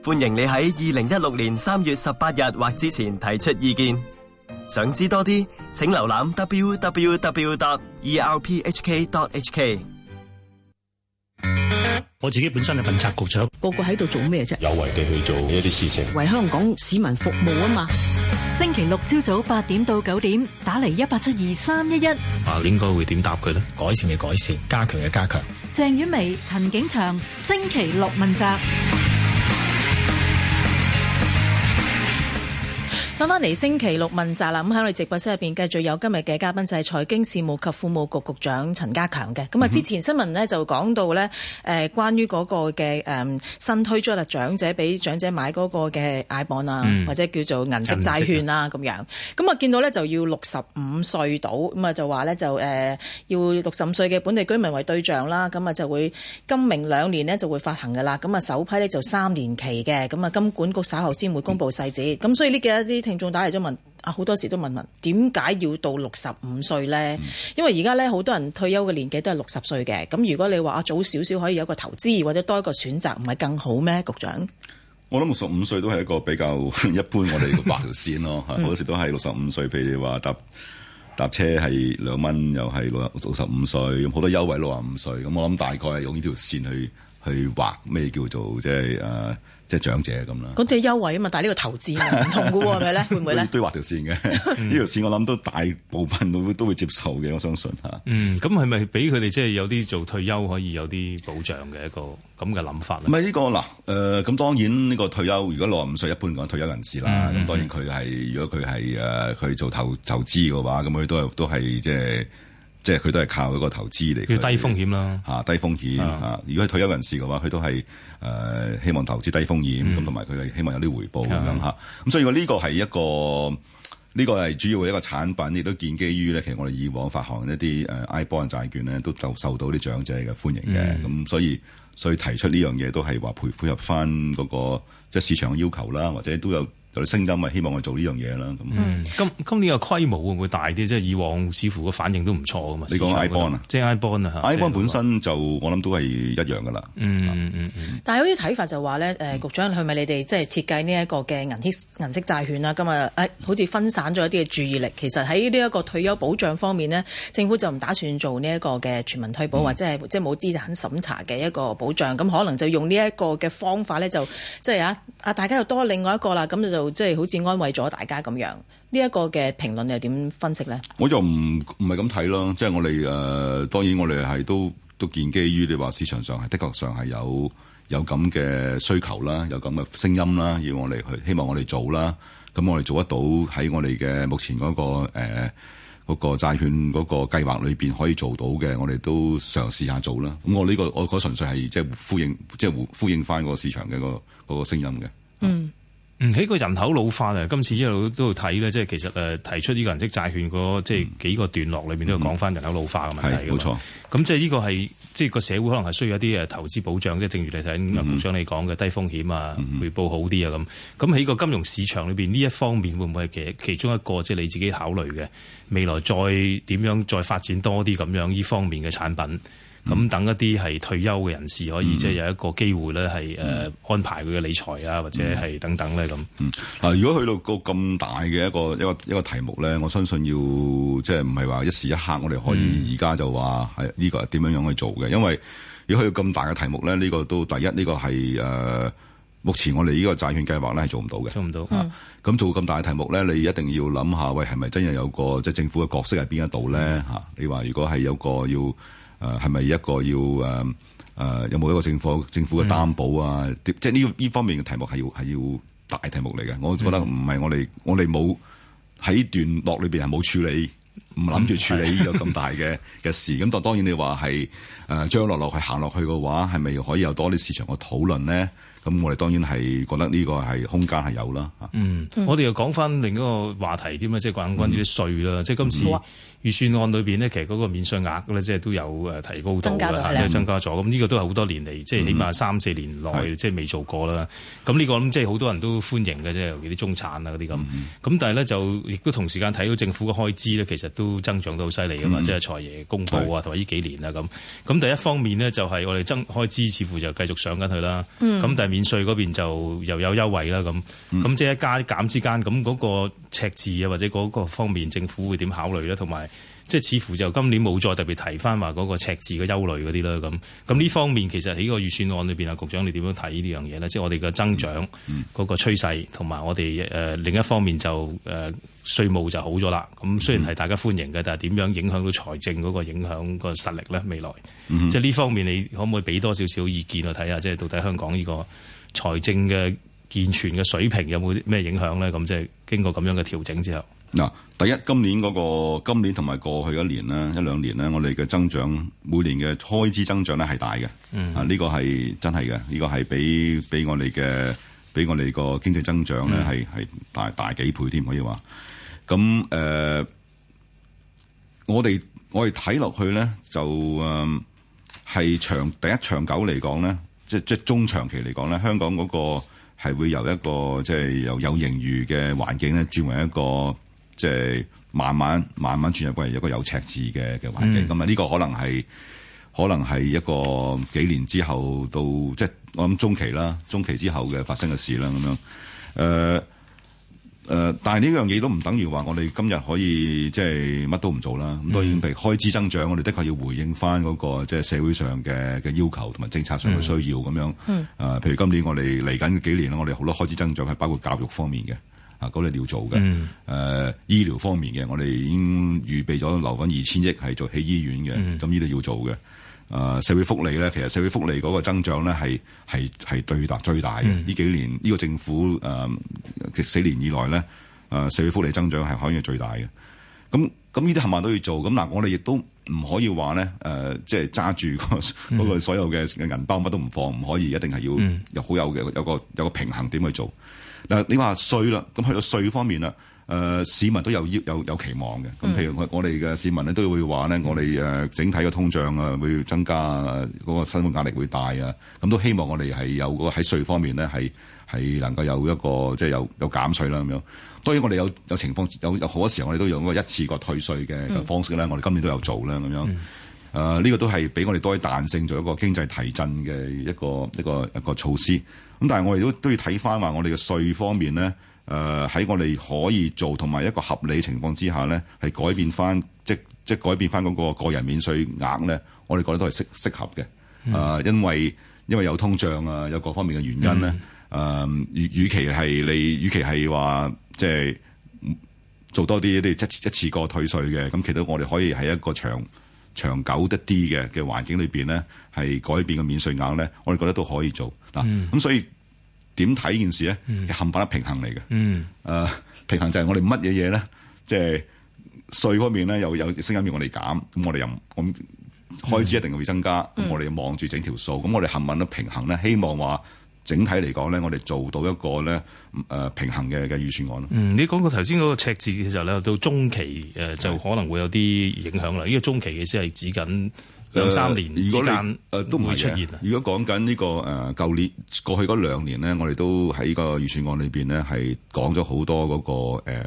歡迎你喺二零一六年三月十八日或之前提出意見。想知多啲，請瀏覽 www.erphk.hk。我自己本身係巡查局長。個個喺度做咩啫？有為地去做一啲事情，為香港市民服務啊嘛。星期六朝早八點到九點，打嚟一八七二三一一。啊，應該會點答佢咧？改善嘅改善，加強嘅加強。鄭婉薇、陳景祥，星期六問責。翻返嚟星期六問責啦，咁喺我哋直播室入邊，繼續有今日嘅嘉賓就係財經事務及庫務局局長陳家強嘅。咁啊、嗯哼，之前新聞呢就講到呢，誒、呃、關於嗰個嘅誒新推出啦，長者俾長者買嗰個嘅 iBond 啊，嗯、或者叫做銀色債券啊咁色樣。咁啊，見到呢就要六十五歲到，咁啊就話呢就誒要六十五歲嘅本地居民為對象啦。咁啊就會今明兩年呢就會發行㗎啦。咁啊首批呢就三年期嘅，咁啊金管局稍後先會公布細節。咁、嗯、所以呢幾一啲。聽眾打嚟咗問啊，好多時都問問，點解要到六十五歲咧？嗯、因為而家咧，好多人退休嘅年紀都係六十歲嘅。咁如果你話啊早少少可以有個投資或者多一個選擇，唔係更好咩？局長，我諗六十五歲都係一個比較一般我的的，我哋畫條線咯。好多時都係六十五歲，譬如你話搭搭車係兩蚊，又係六十五歲，好多優惠六十五歲。咁我諗大概係用呢條線去去畫咩叫做即係誒。呃即係長者咁啦，嗰啲係優惠啊嘛， 但係、啊、 係係呢個投資唔同噶喎，係咪咧？會唔會咧？都劃條線嘅，呢 條線我諗都大部分都會，都會接受嘅，我相信吓嗯，咁係咪俾佢哋即係有啲做退休可以有啲保障嘅一個咁嘅諗法咧？唔係呢個嗱，誒、呃、咁當然呢個退休，如果六十五歲一般講退休人士啦，咁、嗯、當然佢係如果佢係誒佢做投投資嘅話，咁佢都係都係即係。即係即係佢都係靠佢個投資嚟，叫低風險啦低風險嚇。啊、如果係退休人士嘅話，佢都係、呃、希望投資低風險，咁同埋佢係希望有啲回報咁、啊、樣咁所以呢個係一個，呢、呢個係主要一個產品，亦都建基於咧。其實我哋以往發行一啲 I bond 債券咧，都受受到啲長者嘅歡迎嘅。咁、嗯、所以所以提出呢樣嘢都係話配配合翻、那、嗰個即係市場嘅要求啦，或者都有。就聲音咪希望我做呢樣嘢啦咁。今今年嘅規模會唔會大啲？即係以往似乎個反應都唔錯噶嘛。你講 iBond 啊，即係 iBond 啊 iBond 本身就我諗都係一樣噶啦、嗯。嗯嗯嗯，但係有啲睇法就話咧，局長係咪你哋即係設計呢一個嘅銀色銀色債券啊？今日好似分散咗一啲嘅注意力。其實喺呢一個退休保障方面呢，政府就唔打算做呢一個嘅全民退保、嗯、或者即係冇資產審查嘅一個保障。咁可能就用呢一個嘅方法咧，就即係啊啊大家又多另外一個啦。咁就即係好似安慰咗大家咁樣，呢、這、一個嘅評論又點分析咧？我又唔唔係咁睇咯，即係我哋誒、呃、當然我哋係都都建基於你話市場上係的確上係有有咁嘅需求啦，有咁嘅聲音啦，要我哋去希望我哋做啦。咁我哋做得到喺我哋嘅目前嗰、那個誒嗰、呃那個、債券嗰個計劃裏邊可以做到嘅，我哋都嘗試下做啦。咁我呢、這個我嗰純粹係即係呼應，即係呼應翻嗰個市場嘅、那個嗰、那個聲音嘅。嗯。嗯，喺個人口老化啊，今次一路都睇咧，即係其實誒提出呢個銀色債券嗰即係幾個段落裏面都有講翻人口老化嘅問題。冇錯。咁即係呢個係即係個社會可能係需要一啲投資保障，即係正如你頭先阿你講嘅低風險啊，回報好啲啊咁。咁喺、嗯、個金融市場裏面呢，一方面會唔會係其其中一個即係、就是、你自己考慮嘅未來再點樣再發展多啲咁樣呢方面嘅產品？咁、嗯、等一啲係退休嘅人士可以、嗯、即係有一個機會咧，係誒、嗯呃、安排佢嘅理財啊，或者係等等咧咁。嗯，啊樣，嗯、如果去到個咁大嘅一個一個一個，一個題目咧，我相信要即係唔係話一時一刻，我哋可以而家、嗯、就話係呢個點樣樣去做嘅。因為如果去到咁大嘅題目咧，呢、這個都第一呢、這個係誒、呃，目前我哋呢個債券計劃咧係做唔到嘅，做唔到。咁、嗯啊、做咁大嘅題目咧，你一定要諗下，喂，係咪真係有個即係、就是、政府嘅角色喺邊一度咧？吓，你話如果係有個要。誒，係咪一個要誒誒、呃，有冇一個政府政府嘅擔保啊？嗯、即係呢呢方面嘅題目係要係要大題目嚟嘅。我覺得唔係我哋我哋冇喺段落裏邊係冇處理，唔諗住處理呢個咁大嘅嘅事。咁但、嗯嗯、當然你話係誒，將來落去行落去嘅話，係咪可以有多啲市場嘅討論咧？咁我哋當然係覺得呢個係空間係有啦。嗯，嗯我哋又講翻另一個話題添，咩關關？嗯、即係關於啲稅啦，即係今次。嗯嗯預算案裏邊呢，其實嗰個免稅額咧，即係都有誒提高咗啦，即係增加咗。咁呢個都係好多年嚟，嗯、即係起碼三四年內、嗯、即係未做過啦。咁呢的、呢個即係好多人都歡迎嘅，即係尤其啲中產啊嗰啲咁。咁、嗯、但係咧就亦都同時間睇到政府嘅開支咧，其實都增長到好犀利啊嘛，嗯、即係財爺公佈啊同埋呢幾年啊咁。咁第一方面呢，就係我哋增開支似乎就繼續上緊去啦。咁、嗯、但係免稅嗰邊就又有優惠啦咁。咁、嗯、即係加減之間，咁嗰個赤字啊或者嗰個方面，政府會點考慮咧？同埋.即係似乎就今年冇再特別提翻話嗰個赤字嘅憂慮嗰啲啦，咁咁呢方面其實喺個預算案裏邊啊，局長你點樣睇呢樣嘢咧？即、就、係、是、我哋嘅增長嗰、嗯嗯、個趨勢，同埋我哋誒、呃、另一方面就誒稅、呃、務就好咗啦。咁雖然係大家歡迎嘅，嗯、但係點樣影響到財政嗰個影響個實力咧？未來，嗯、即係呢方面你可唔可以俾多少少意見去睇下？即、就、係、是、到底香港呢個財政嘅健全嘅水平有冇啲咩影響咧？咁即係經過咁樣嘅調整之後。嗱，第一今年、嗰個今年同埋過去一年一兩年咧，我哋嘅增長每年嘅開支增長咧係大嘅，嗯、啊呢、呢個係真係嘅，呢、呢個係比比我哋嘅比我哋個經濟增長咧係係大大幾倍添，可以話。咁誒、呃，我哋我哋睇落去咧就誒係、呃、長第一長久嚟講咧，即係即係中長期嚟講咧，香港嗰個係會由一個即係由有盈餘嘅環境咧轉為一個。即係慢慢慢慢轉入過嚟一個有赤字嘅嘅環境，咁啊呢個可能係可能係一個幾年之後到即係我諗中期啦，中期之後嘅發生嘅事啦咁樣。誒、呃、誒、呃，但係呢樣嘢都唔等於話我哋今日可以即係乜都唔做啦。咁當然，譬、嗯、如開支增長，我哋的確要回應翻嗰個即係社會上嘅嘅要求同埋政策上嘅需要咁、嗯、樣。嗯、呃。譬如今年我哋嚟緊嘅幾年我哋好多開支增長係包括教育方面嘅。啊！嗰啲要做嘅，誒、嗯呃、醫療方面嘅，我哋已經預備咗留緊二千億係做起醫院嘅，咁呢度要做嘅。誒、呃、社會福利咧，其實社會福利嗰個增長咧係係係最大最大嘅。呢、嗯、幾年呢、呢個政府誒四、呃、年以來咧，誒社會福利增長係可以係最大嘅。咁咁呢啲冚唪唥都要做。咁嗱，我哋亦都唔可以話咧，誒、呃、即係揸住個嗰個、嗯、所有嘅銀包乜都唔放，唔可以一定係要有好有嘅有個有個平衡點去做。嗱，你話稅啦，咁去到稅方面啦，誒、呃、市民都有要有有期望嘅。咁譬如我我哋嘅市民咧，都會話咧，我哋誒整體嘅通脹啊，會增加嗰、那個生活壓力會大啊。咁都希望我哋係有個喺稅方面咧，係係能夠有一個即係有有減稅啦咁樣。當然我哋有有情況有有好多時候，我哋都用一個一次過退稅嘅方式咧，嗯、我哋今年都有做咧咁樣。嗯誒呢、呃這個都係俾我哋多啲彈性，做一個經濟提振嘅一個一個一個措施。咁但係我哋都都要睇翻話，我哋嘅稅方面咧，誒、呃、喺我哋可以做同埋一個合理情況之下咧，係改變翻即即改變翻嗰個個人免稅額咧，我哋覺得都係適適合嘅。誒、呃，因為因為有通脹啊，有各方面嘅原因咧。誒、嗯，與、呃、與其係你，與其係話即係做多啲啲一啲一,一,一,一次過退稅嘅，咁其實我哋可以喺一個場，長久一的啲嘅嘅環境裏邊咧，係改變個免稅額咧，我哋覺得都可以做嗱。咁、嗯啊、所以點睇件事咧？你冚唪唥平衡嚟嘅。誒、嗯呃，平衡就係我哋乜嘢嘢咧？即係稅方面咧，又有聲音要我哋減，咁我哋又咁開支一定會增加。咁、嗯、我哋望住整條數，咁我哋冚唪唥平衡咧，希望話。整體嚟講咧，我哋做到一個咧誒平衡嘅嘅預算案咯。嗯，你講過頭先嗰個赤字，其實咧到中期誒就可能會有啲影響啦。呢個中期嘅先係指緊兩三年之間誒、呃、都唔會出現。如果講緊呢個誒舊年過去嗰兩年咧，我哋都喺個預算案裏邊咧係講咗好多嗰、嗰個誒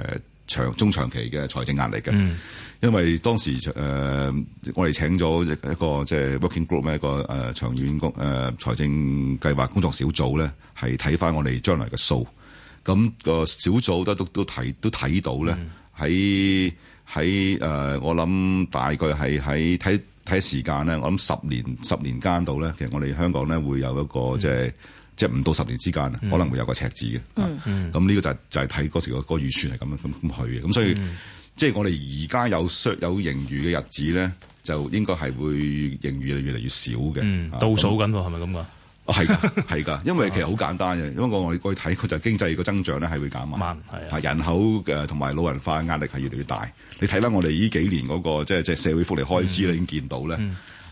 長、呃、中長期嘅財政壓力嘅。嗯因為當時誒、呃，我哋請咗一個即係、就是、working group 咩一個誒、呃、長遠工誒財、呃、政計劃工作小組咧，係睇翻我哋將來嘅數。咁、那個小組都都都睇都睇到咧，喺喺誒，我諗大概係喺睇睇時間咧，我諗十年十年間度咧，其實我哋香港咧會有一個、嗯、即係即係五到十年之間啊，嗯、可能會有個赤字嘅。咁呢、嗯嗯、個就是、就係睇嗰時、那個個預算係咁樣咁去嘅，咁所以。嗯即係我哋而家有削有盈餘嘅日子咧，就應該係會盈餘越嚟越少嘅、嗯。倒數緊喎，係咪咁係係，係噶。 因為其實好簡單嘅，因為我我哋過去睇佢就經濟嘅增長咧係會減慢，係啊，人口嘅同埋老人化嘅壓力係越嚟越大。你睇翻我哋呢幾年嗰個即係即係社會福利開支咧，嗯、你已經見到咧，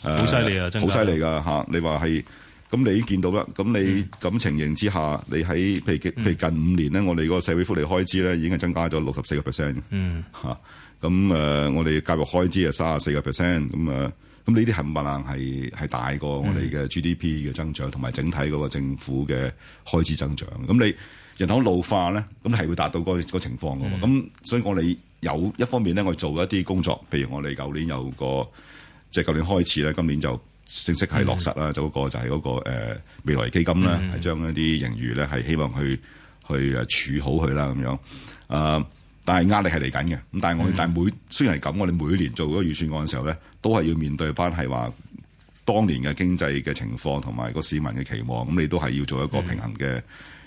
好犀利啊！好犀利噶吓！你話係。咁你已經見到啦，咁你咁情形之下，嗯、你喺譬如譬如近五年咧，我哋個個社會福利開支咧已經係增加咗六十四個 percent 咁誒，嗯啊 uh, 我哋教育開支係卅四個 percent，咁誒，咁呢啲冚唪唥係係大過我哋嘅 GDP 嘅增長，同埋、嗯、整體嗰個政府嘅開支增長。咁你人口老化咧，咁你係會達到嗰個情況㗎嘛。咁、嗯、所以我哋有一方面咧，我做一啲工作，譬如我哋舊年有個，即係舊年開始咧，今年就。正式係落實啦，就嗰個就係嗰個誒未來基金啦。將一啲盈餘咧係希望去去誒儲好佢啦咁樣。啊，但係壓力係嚟緊嘅。咁但係我但係每雖然係咁，我哋每年做嗰個預算案嘅時候咧，都係要面對翻係話當年嘅經濟嘅情況同埋個市民嘅期望，咁你都係要做一個平衡嘅。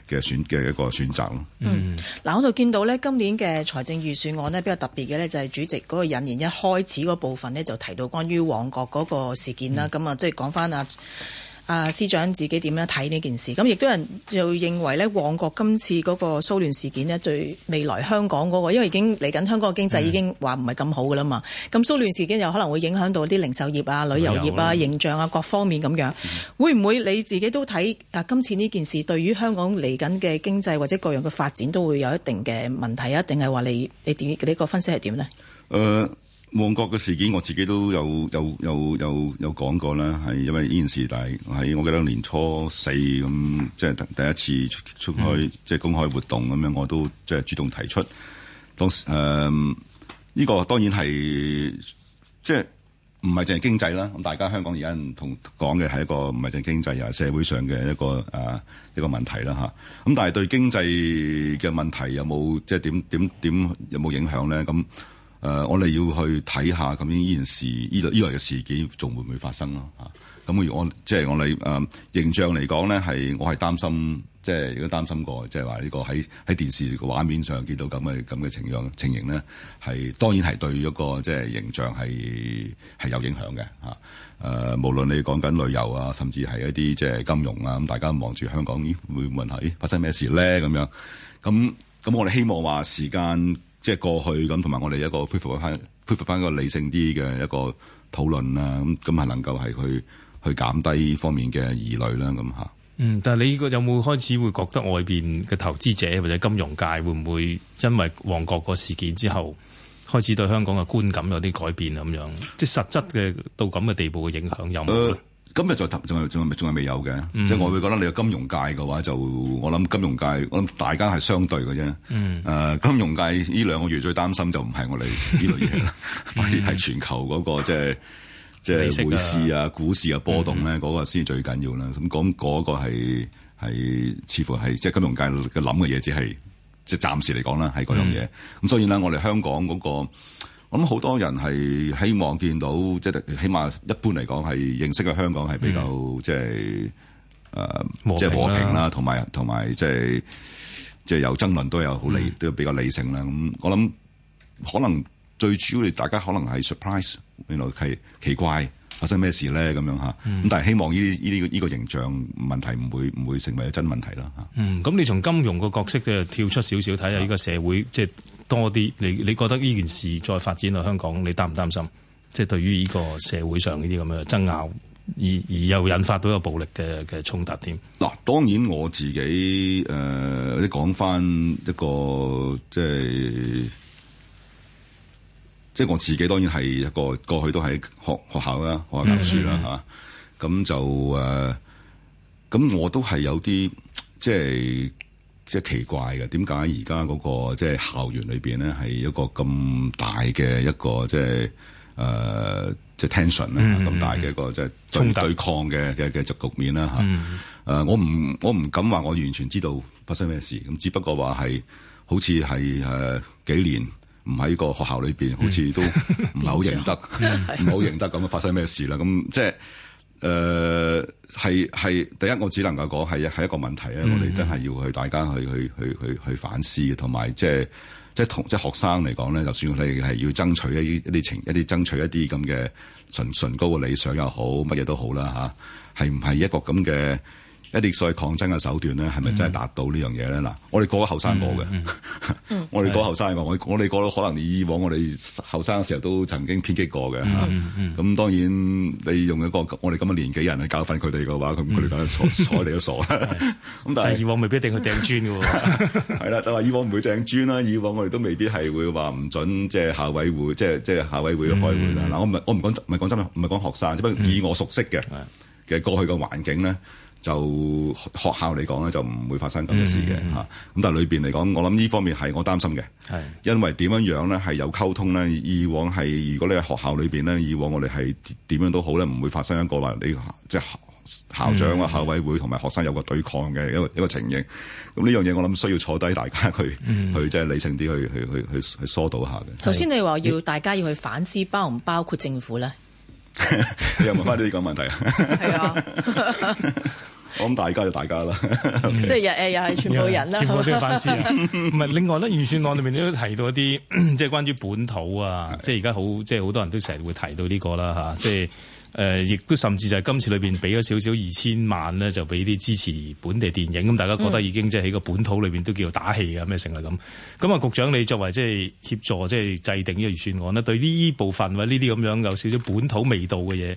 嘅選嘅一個選擇咯。嗯，嗱、嗯，我度見到呢今年嘅財政預算案呢，比較特別嘅呢就係主席嗰個引言一開始嗰部分呢，就提到關於旺角嗰個事件啦。咁、嗯、啊，即係講返啊。啊，司長自己點樣睇呢件事？咁亦都有人就認為呢，旺角今次嗰個騷亂事件呢，對未來香港嗰、嗰個，因為已經嚟緊香港嘅經濟已經話唔係咁好噶啦嘛。咁騷亂事件又可能會影響到啲零售業啊、旅遊業啊、形象啊各方面咁樣，會唔會你自己都睇啊？今次呢件事對於香港嚟緊嘅經濟或者各樣嘅發展都會有一定嘅問題啊？定係話你你點你個分析係點呢？呃旺角嘅事件，我自己都有有有有有講過啦，係因為呢件事，但係喺我記得年初四咁，即係第一次出出開即係公開活動咁樣，我都即係主動提出。當時誒呢、呃這個當然係即係唔係淨係經濟啦，咁大家香港而家同講嘅係一個唔係淨係經濟，而係社會上嘅一個誒、啊、一個問題啦嚇。咁但係對經濟嘅問題有冇即係點點點有冇影響咧？咁誒、呃，我哋要去睇下咁樣呢件事，呢度呢類嘅事件，仲會唔會發生咯？咁、啊、如果、就是、我即係我哋誒形象嚟講咧，係我係擔心，即、就、係、是、如果擔心過，即係話呢個喺喺電視畫面上見到咁嘅咁嘅情樣，樣情形咧，係當然係對一個即係、就是、形象係係有影響嘅嚇。誒、啊，無論你講緊旅遊啊，甚至係一啲即係金融啊，咁大家望住香港咦會，會問會係、欸、發生咩事咧？咁樣咁咁，我哋希望話時間。即係過去咁，同埋我哋一個恢復翻、恢復翻個理性啲嘅一個討論啦。咁咁係能夠係去去減低方面嘅疑慮啦。咁吓，嗯，但係你呢個有冇開始會覺得外邊嘅投資者或者金融界會唔會因為旺角個事件之後開始對香港嘅觀感有啲改變？咁樣，即係實質嘅到咁嘅地步嘅影響、呃、有冇？今日再仲係仲係仲係未有嘅，即係、嗯、我會覺得你有金融界嘅話就，我諗金融界我諗大家係相對嘅啫。誒、嗯，金融界呢兩個月最擔心就唔係我哋呢類嘢啦，反而係、嗯、 全球嗰個即係即係匯市啊、股市啊波動咧，嗰、嗯、個先最緊要啦。咁講嗰個係、係、似乎係即係金融界嘅諗嘅嘢，只係即係暫時嚟講啦，係嗰樣嘢。咁所以咧，我哋香港嗰、個。咁好多人係希望見到，即係起碼一般嚟講係認識嘅香港係比較、嗯、即係誒，即係和平啦，同埋同埋即係即係有爭論都有好理，嗯、都比較理性啦。咁我諗可能最主要大家可能係 surprise，原來係奇怪發生咩事咧咁樣嚇。咁、嗯、但係希望呢呢呢個形象問題唔會唔會成為真問題啦嚇。嗯，咁你從金融個角色嘅跳出少少睇下呢個社會即係。係多啲，你你覺得呢件事再發展到香港，你擔唔擔心？即係對於呢個社會上呢啲咁嘅爭拗，而而又引發到一個暴力嘅嘅衝突添。嗱，當然我自己誒，講、呃、翻一個即係，即係我自己，當然係一個過去都喺學學校啦，學校教書啦吓。咁、 啊、就誒，咁、呃、我都係有啲即係。即係奇怪嘅，點解而家嗰個即係校園裏邊咧係一個咁大嘅一個即係誒，即係 tension 啊，咁大嘅一個即係對抗嘅嘅嘅局面啦嚇。誒，我唔我唔敢話我完全知道發生咩事，咁只不過話係好似係誒幾年唔喺個學校裏邊，好似都唔係好認得，唔係好、嗯、 認得咁啊！發生咩事啦？咁即係。誒係，係第一，我只能夠講係一一個問題咧，嗯、我哋真係要去大家去去去去去反思嘅，就是就是，同埋即係即係同即係學生嚟講咧，就算你哋係要爭取一啲一啲情，一啲爭取一啲咁嘅純純高嘅理想又好，乜嘢都好啦吓，係唔係一個咁嘅？一啲所謂抗爭嘅手段咧，係咪真係達到呢樣嘢咧？嗱，我哋過後生過嘅，我哋過後生嘅話，我我哋過到可能以往我哋後生嘅時候都曾經偏激過嘅吓。咁當然你用一個我哋咁嘅年紀人去教訓佢哋嘅話，佢哋覺得傻睬你都傻啦。咁但係以往未必一定去掟磚嘅喎，係啦。但係以往唔會掟磚啦。以往我哋都未必係會話唔準，即係校委會，即係即係校委會嘅開會啦。嗱，我唔我唔講唔係講真，唔係講學生，只不過以我熟悉嘅嘅過去嘅環境咧。就學校嚟講咧，就唔會發生咁嘅事嘅吓咁、嗯嗯、但係裏邊嚟講，我諗呢方面係我擔心嘅，的因為點樣樣咧係有溝通咧。以往係如果你喺學校裏面咧，以往我哋係點樣都好咧，唔會發生一個話你即係校長啊、嗯、校委會同埋學生有個對抗嘅的一個一個情形。咁呢樣嘢我諗需要坐低大家去、嗯、去即係理性啲去去去去去疏導下嘅。首先你話要大家要去反思，包唔包括政府咧？ 你又問翻啲咁問題啊？係啊，我諗大家就大家啦。即係誒，又係全部人啦。嗯、 全部都要反思啊！唔係， 另外咧，預算案裏面都提到一啲， 即係關於本土啊， 即係而家好，即係好多人都成日會提到呢個啦，吓，即係。誒，亦都甚至就係今次裏面俾咗少少二千萬咧，就俾啲支持本地電影咁，大家覺得已經即係喺個本土裏面都叫做打氣啊咩成啦咁。咁啊，局長你作為即係協助即係制定呢個預算案呢，對呢部分或者呢啲咁樣有少少本土味道嘅嘢。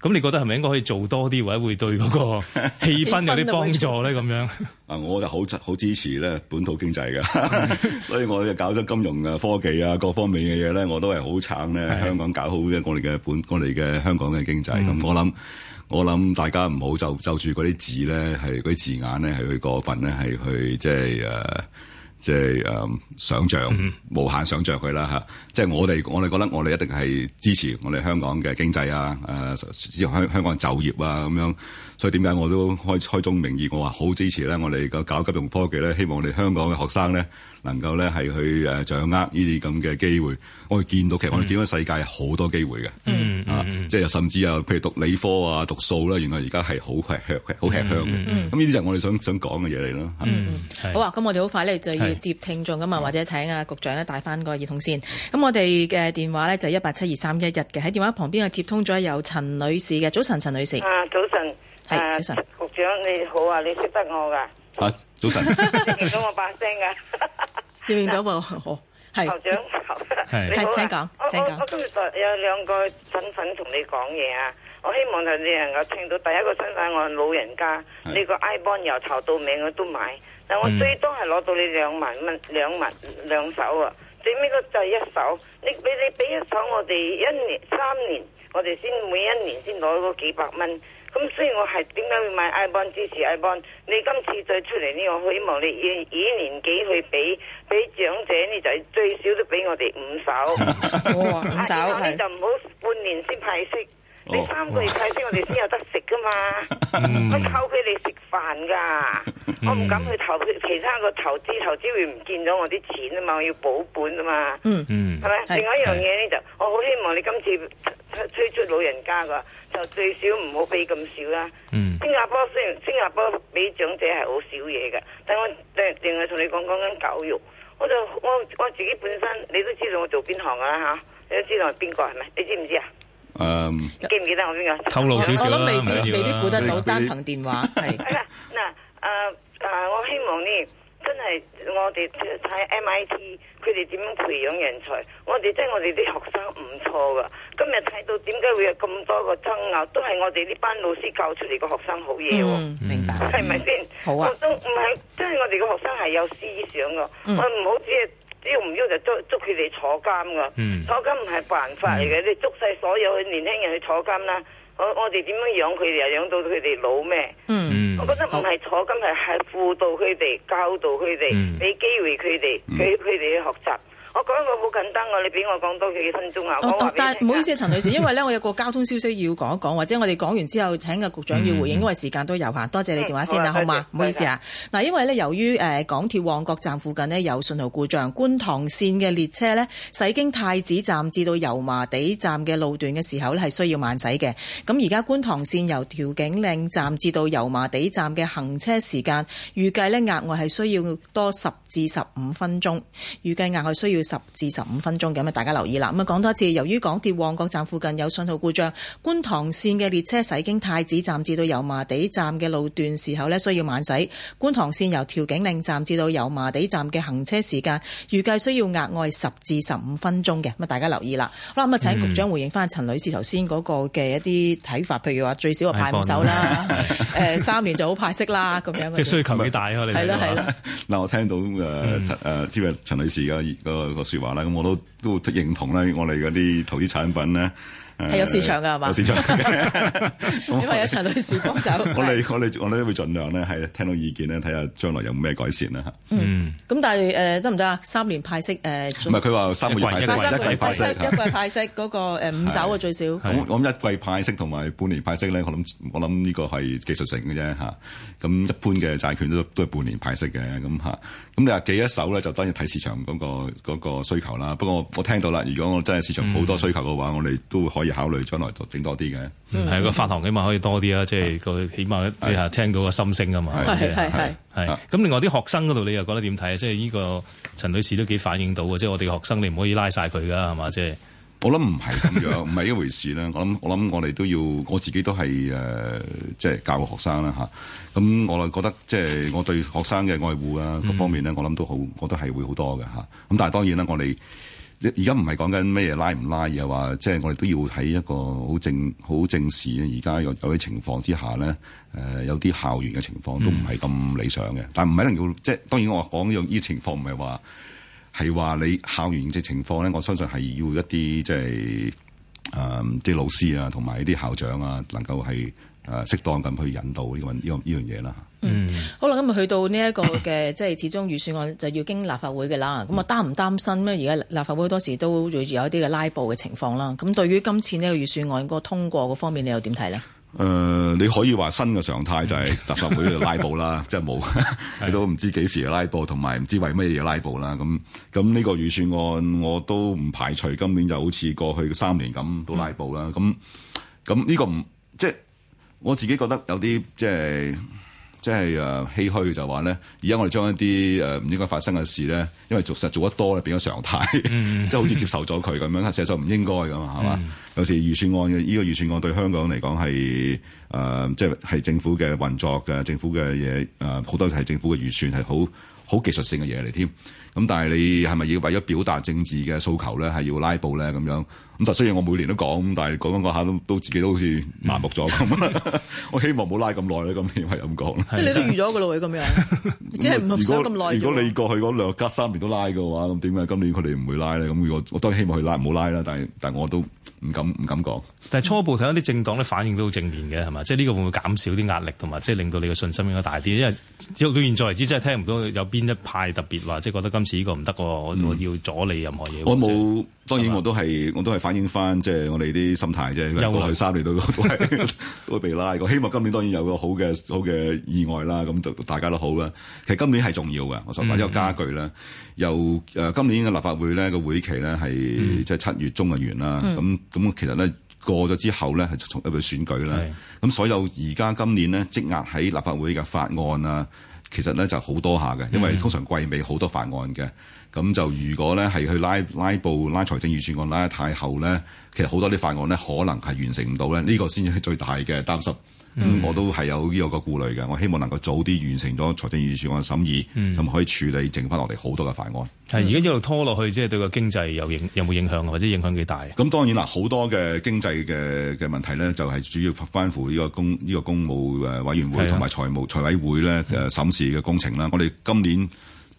咁你覺得係咪應該可以做多啲，或者會對嗰個氣氛有啲幫助咧？咁 樣啊， 我就好好支持咧本土經濟㗎。 所以我又搞咗金融、科技啊各方面嘅嘢咧，我都係好撐咧香港搞好嘅我哋嘅本，的我哋嘅香港嘅經濟。咁、嗯、我諗，我諗大家唔好就就住嗰啲字咧，係嗰啲字眼咧，係去過分咧，係去即係誒。即係誒、嗯，想像無限，想像佢啦嚇。即係我哋，我哋覺得我哋一定係支持我哋香港嘅經濟啊！誒、啊，香香港嘅就業啊，咁樣。所以點解我都開開宗明義，我話好支持咧。我哋個搞金融科技咧，希望我哋香港嘅學生咧，能夠咧係去誒掌握呢啲咁嘅機會，我哋見到其實我哋見到世界好多機會嘅，啊，即係甚至又譬如讀理科啊、讀數啦，原來而家係好吃香，好吃香嘅。咁呢啲就係我哋想想講嘅嘢嚟咯。好啊，咁我哋好快咧就要接聽眾㗎嘛，或者請啊局長咧帶翻個耳筒先。咁我哋嘅電話咧就一八七二三一一嘅，喺電話旁邊啊接通咗有陳女士嘅。早晨，陳女士。啊，早晨。係。早晨。局長你好啊，你識得我噶。啊，早晨！聽唔 到我把聲啊，前面嗰好，係頭長，你好，啊。講，我請講，我今日有兩個身份同你講嘢啊，我希望就你能夠聽到。第一個身份我係老人家，呢是個 iBond 由頭到尾我都買，但我最多係攞到你兩萬蚊兩萬兩手啊，最尾個就係一手。你俾你俾一手，我哋一年三年，我哋先每一年先攞嗰幾百蚊。咁所以我係點解會買 iBond 支持 iBond？你今次再出嚟呢，我希望你以年紀去俾俾長者呢，你就最少都俾我哋五手、哦，五手。啊、是你就唔好半年先派息，哦、你三個月派息、哦、我哋先有得食噶嘛，佢扣俾你食飯噶。我唔敢去投其他個投資，投資會唔見咗我啲錢啊嘛，我要保本啊嘛，係咪？另外一樣嘢呢，就是我好希望你今次推出老人家噶。就最少唔好俾咁少啦、啊。嗯、新加坡雖然新加坡俾長者係好少嘢嘅，但我淨係同你講講緊教育。我就我我自己本身你都知道我做邊行嘅啦嚇，你都知道係邊個係咪？你知唔知啊？誒、嗯，記唔記得我邊個？透露少少啦，嗎未必、啊、未必估得到單憑電話係。嗱誒誒，我希望呢……真係我哋睇 MIT，佢哋點樣培養人才？我哋即係我哋啲學生唔錯噶。今日睇到點解會有咁多個爭拗？都係我哋呢班老師教出嚟個學生好嘢喎、嗯。明白，係咪先？好啊，都唔係，即係我哋個學生係有思想噶。嗯、我唔好只要唔喐就捉捉佢哋坐監噶。嗯、坐監唔係辦法嚟嘅，嗯、你捉晒所有年輕人去坐監啦。我我哋點樣養佢哋，啊養到佢哋老咩？嗯，我覺得唔係坐監，係係好輔導佢哋、教導佢哋、俾、嗯、機會佢哋、俾佢哋去學習。我講一個好簡單啊，你俾我講多幾分鐘啊！但係唔好意思、啊，陳女士，因為呢，我有個交通消息要講一講， 或者我哋講完之後請個局長要回應， 因為時間都有限、啊。多謝你電話先啦、啊嗯，好嘛？唔好意思啊。嗱的，因為呢，由於誒、呃、港鐵旺角站附近呢有信號故障，觀塘線嘅列車呢駛經太子站至到油麻地站嘅路段嘅時候呢係需要慢駛嘅。咁而家觀塘線由調景嶺站至到油麻地站嘅行車時間預計呢額外係需要多十至十五分鐘，預計額外需要。十至十五分鐘咁啊！大家留意啦。咁啊，講多一次，由於港鐵旺角站附近有信號故障，觀塘線嘅列車駛經太子站至到油麻地站嘅路段時候呢，需要慢駛。觀塘線由調景嶺站至到油麻地站嘅行車時間預計需要額外十至十五分鐘嘅。咁啊，大家留意啦。好、嗯、啦，咁啊，請局長回應翻陳女士頭先嗰個嘅一啲睇法，譬如話最少派五手啦，誒 三年就好派息啦，咁樣。即係需求幾大啊？是你係咯係。嗱， 我聽到誒誒呢位陳女士嘅、嗰個。個說話啦，咁我都都認同咧，我哋嗰啲投資產品咧。係有市場噶係嘛？有市場，因為有陳女士幫手。我哋我哋我哋會盡量咧，係聽到意見咧，睇下將來有咩改善啦。嗯，咁但係得唔得啊？三年派息誒？唔係佢話三個月派息，一季派息，一季派息嗰個五手啊最少。咁一季派息同埋半年派息咧，我諗我諗呢個係技術性嘅啫。咁一般嘅債券都都係半年派息嘅，咁咁你話幾一手咧？就當然睇市場嗰個嗰個需求啦。不過我我聽到啦，如果我真係市場好多需求嘅話，我哋都可以。考慮將來就整多啲嘅、嗯，係個發行起碼可以多啲啦，即係個起碼即係聽到個心聲啊嘛，係係係咁。另外啲學生嗰度，你又覺得點睇啊？即係呢個陳女士都幾反映到嘅，即係我哋學生，你唔可以拉晒佢噶，係嘛？即係我諗唔係咁樣，唔係 一回事啦。我諗我諗，我哋都要，我自己都係誒，即係教學生啦吓。咁、啊、我又覺得，即係我對學生嘅愛護啊，各、嗯、方面咧，我諗都好，我覺得係會好多嘅吓。咁、啊、但係當然啦，我哋。而家唔係講緊咩嘢拉唔拉嘅話，即係我哋都要喺一個好正好正視啊。而家有有啲情況之下咧，誒有啲校園嘅情況都唔係咁理想嘅，嗯、但唔係能夠即係當然我講有依情況唔係話係話你校園嘅情況咧，我相信係要一啲即係誒啲老師啊，同埋啲校長啊，能夠係誒、啊、適當咁去引導呢個呢個呢樣嘢啦。嗯，嗯好啦，咁日去到呢一個嘅，即係始終預算案就要經立法會嘅啦。咁啊、嗯，擔唔擔心咧？而家立法會多時都有一啲嘅拉布嘅情況啦。咁對於今次呢個預算案個通過嘅方面，你又點睇咧？誒、呃，你可以話新嘅常態就係立法會嘅拉布啦， 即係冇 你都唔知幾時嘅拉布，同埋唔知為咩嘢拉布啦。咁咁呢個預算案我都唔排除今年就好似過去三年咁都拉布啦。咁咁呢個唔即係我自己覺得有啲即係。即係誒唏噓就呢，就話咧，而家我哋將一啲誒唔應該發生嘅事咧，因為做實做得多，變咗常態，mm hmm. 即係好似接受咗佢咁樣，寫手唔應該噶嘛，係嘛？有時、mm hmm. 預算案嘅呢、呢個預算案對香港嚟講係誒，即、呃、係、係、政府嘅運作嘅政府嘅嘢誒，好、呃、多係政府嘅預算係好好技術性嘅嘢嚟添。咁但係你係咪要為咗表達政治嘅訴求咧，係要拉布咧咁樣？咁就雖然我每年都講，但係講講下都都自己都好似麻木咗咁。嗯、 我希望冇拉咁耐咧，今年係咁講。即係你都預咗嘅咯喎，咁樣 即係唔想咁耐。如果你過去嗰兩隔三年都拉嘅話，咁點解今年佢哋唔會拉咧？咁我都希望佢拉，唔好拉啦。但係但係我都唔敢唔敢講。但係初步睇一啲政黨咧反應都好正面嘅係嘛？即係呢個會唔會減少啲壓力同埋，即係令到你嘅信心應該大啲？因為直到現在為止，真係聽唔到有邊一派特別話，即係覺得今次呢個唔得喎，我我要阻你任何嘢。嗯、我冇。當然我都係，我都係反映翻，即係我哋啲心態啫。過去三年都都係都被拉過，希望今年當然有個好嘅好嘅意外啦。咁就大家都好啦。其實今年係重要嘅，我想講，一個，嗯、家具啦，由誒今年嘅立法會咧個會期咧係即係七月中嘅完啦。咁咁、嗯、其實咧過咗之後咧係從入去選舉啦。咁是所有而家今年咧積壓喺立法會嘅法案啊，其實咧就好，是，多下嘅，因為通常季尾好多法案嘅。咁就如果咧係去拉拉布拉財政預算案拉得太後咧，其實好多啲法案咧可能係完成唔到咧，呢、呢個先係最大嘅擔心。嗯、我都係有呢個個顧慮嘅，我希望能夠早啲完成咗財政預算案審議，咁、嗯、可以處理剩翻落嚟好多嘅法案。係而家一路拖落去，即係對個經濟有影有冇影響或者影響幾大？咁、嗯、當然啦，好多嘅經濟嘅嘅問題咧，就係主要關乎呢個公呢、呢個公務誒委員會同埋財務的財委會咧嘅審視嘅工程啦。嗯、我哋今年。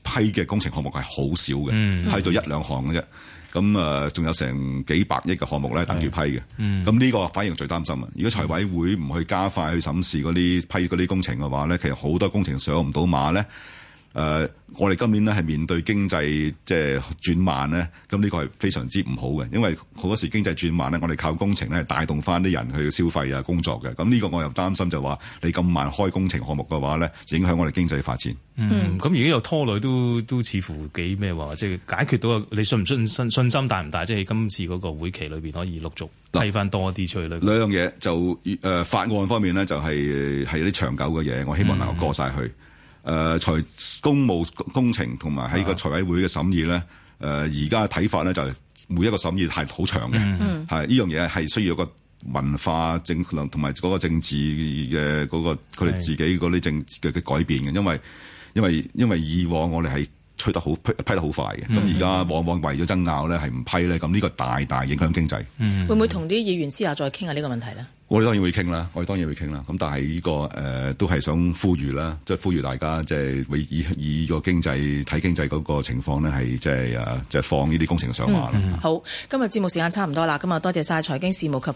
批嘅工程項目係好少嘅，嗯、批咗一兩項嘅啫。咁誒，仲、呃、有成幾百億嘅項目咧，等住批嘅。咁呢個反而最擔心啊！如果財委會唔去加快去審視嗰啲批嗰啲工程嘅話咧，其實好多工程上唔到馬咧。誒、呃，我哋今年呢係面對經濟即係轉慢咧，咁呢個係非常之唔好嘅，因為好多時經濟轉慢咧，我哋靠工程咧係帶動翻啲人去消費啊、工作嘅，咁呢個我又擔心就話你咁慢開工程項目嘅話咧，就影響我哋經濟發展。嗯，咁而家又拖累都都似乎幾咩話，即係解決到你信唔信信信心大唔大？即係今次嗰個會期裏面可以陸續，批翻多啲出去咧。兩樣嘢就誒、呃、法案方面咧、就是，就係係有啲長久嘅嘢，我希望能夠過晒去。嗯誒財公務工程同埋喺個財委會嘅審議咧，誒而家嘅睇法咧就係每一個審議係好長嘅。係呢樣嘢係需要個文化政同埋嗰個政治嘅嗰個佢哋自己嗰啲政嘅嘅的改變嘅，因為因為因為以往我哋係。吹得批得好快嘅，咁而家往往為咗爭拗咧，係唔批咧，咁呢個大大影響經濟。嗯嗯、會唔會同啲議員私下再傾下呢個問題呢？我哋當然會傾啦，我哋當然會傾啦。咁但係呢、呢個誒、呃、都係想呼籲啦，即、就、係、是、呼籲大家即係、就是、以以以個經濟睇經濟嗰個情況呢，係即係誒即係放呢啲工程上話啦。嗯嗯、好，今日節目時間差唔多啦，咁啊多謝晒財經事務及。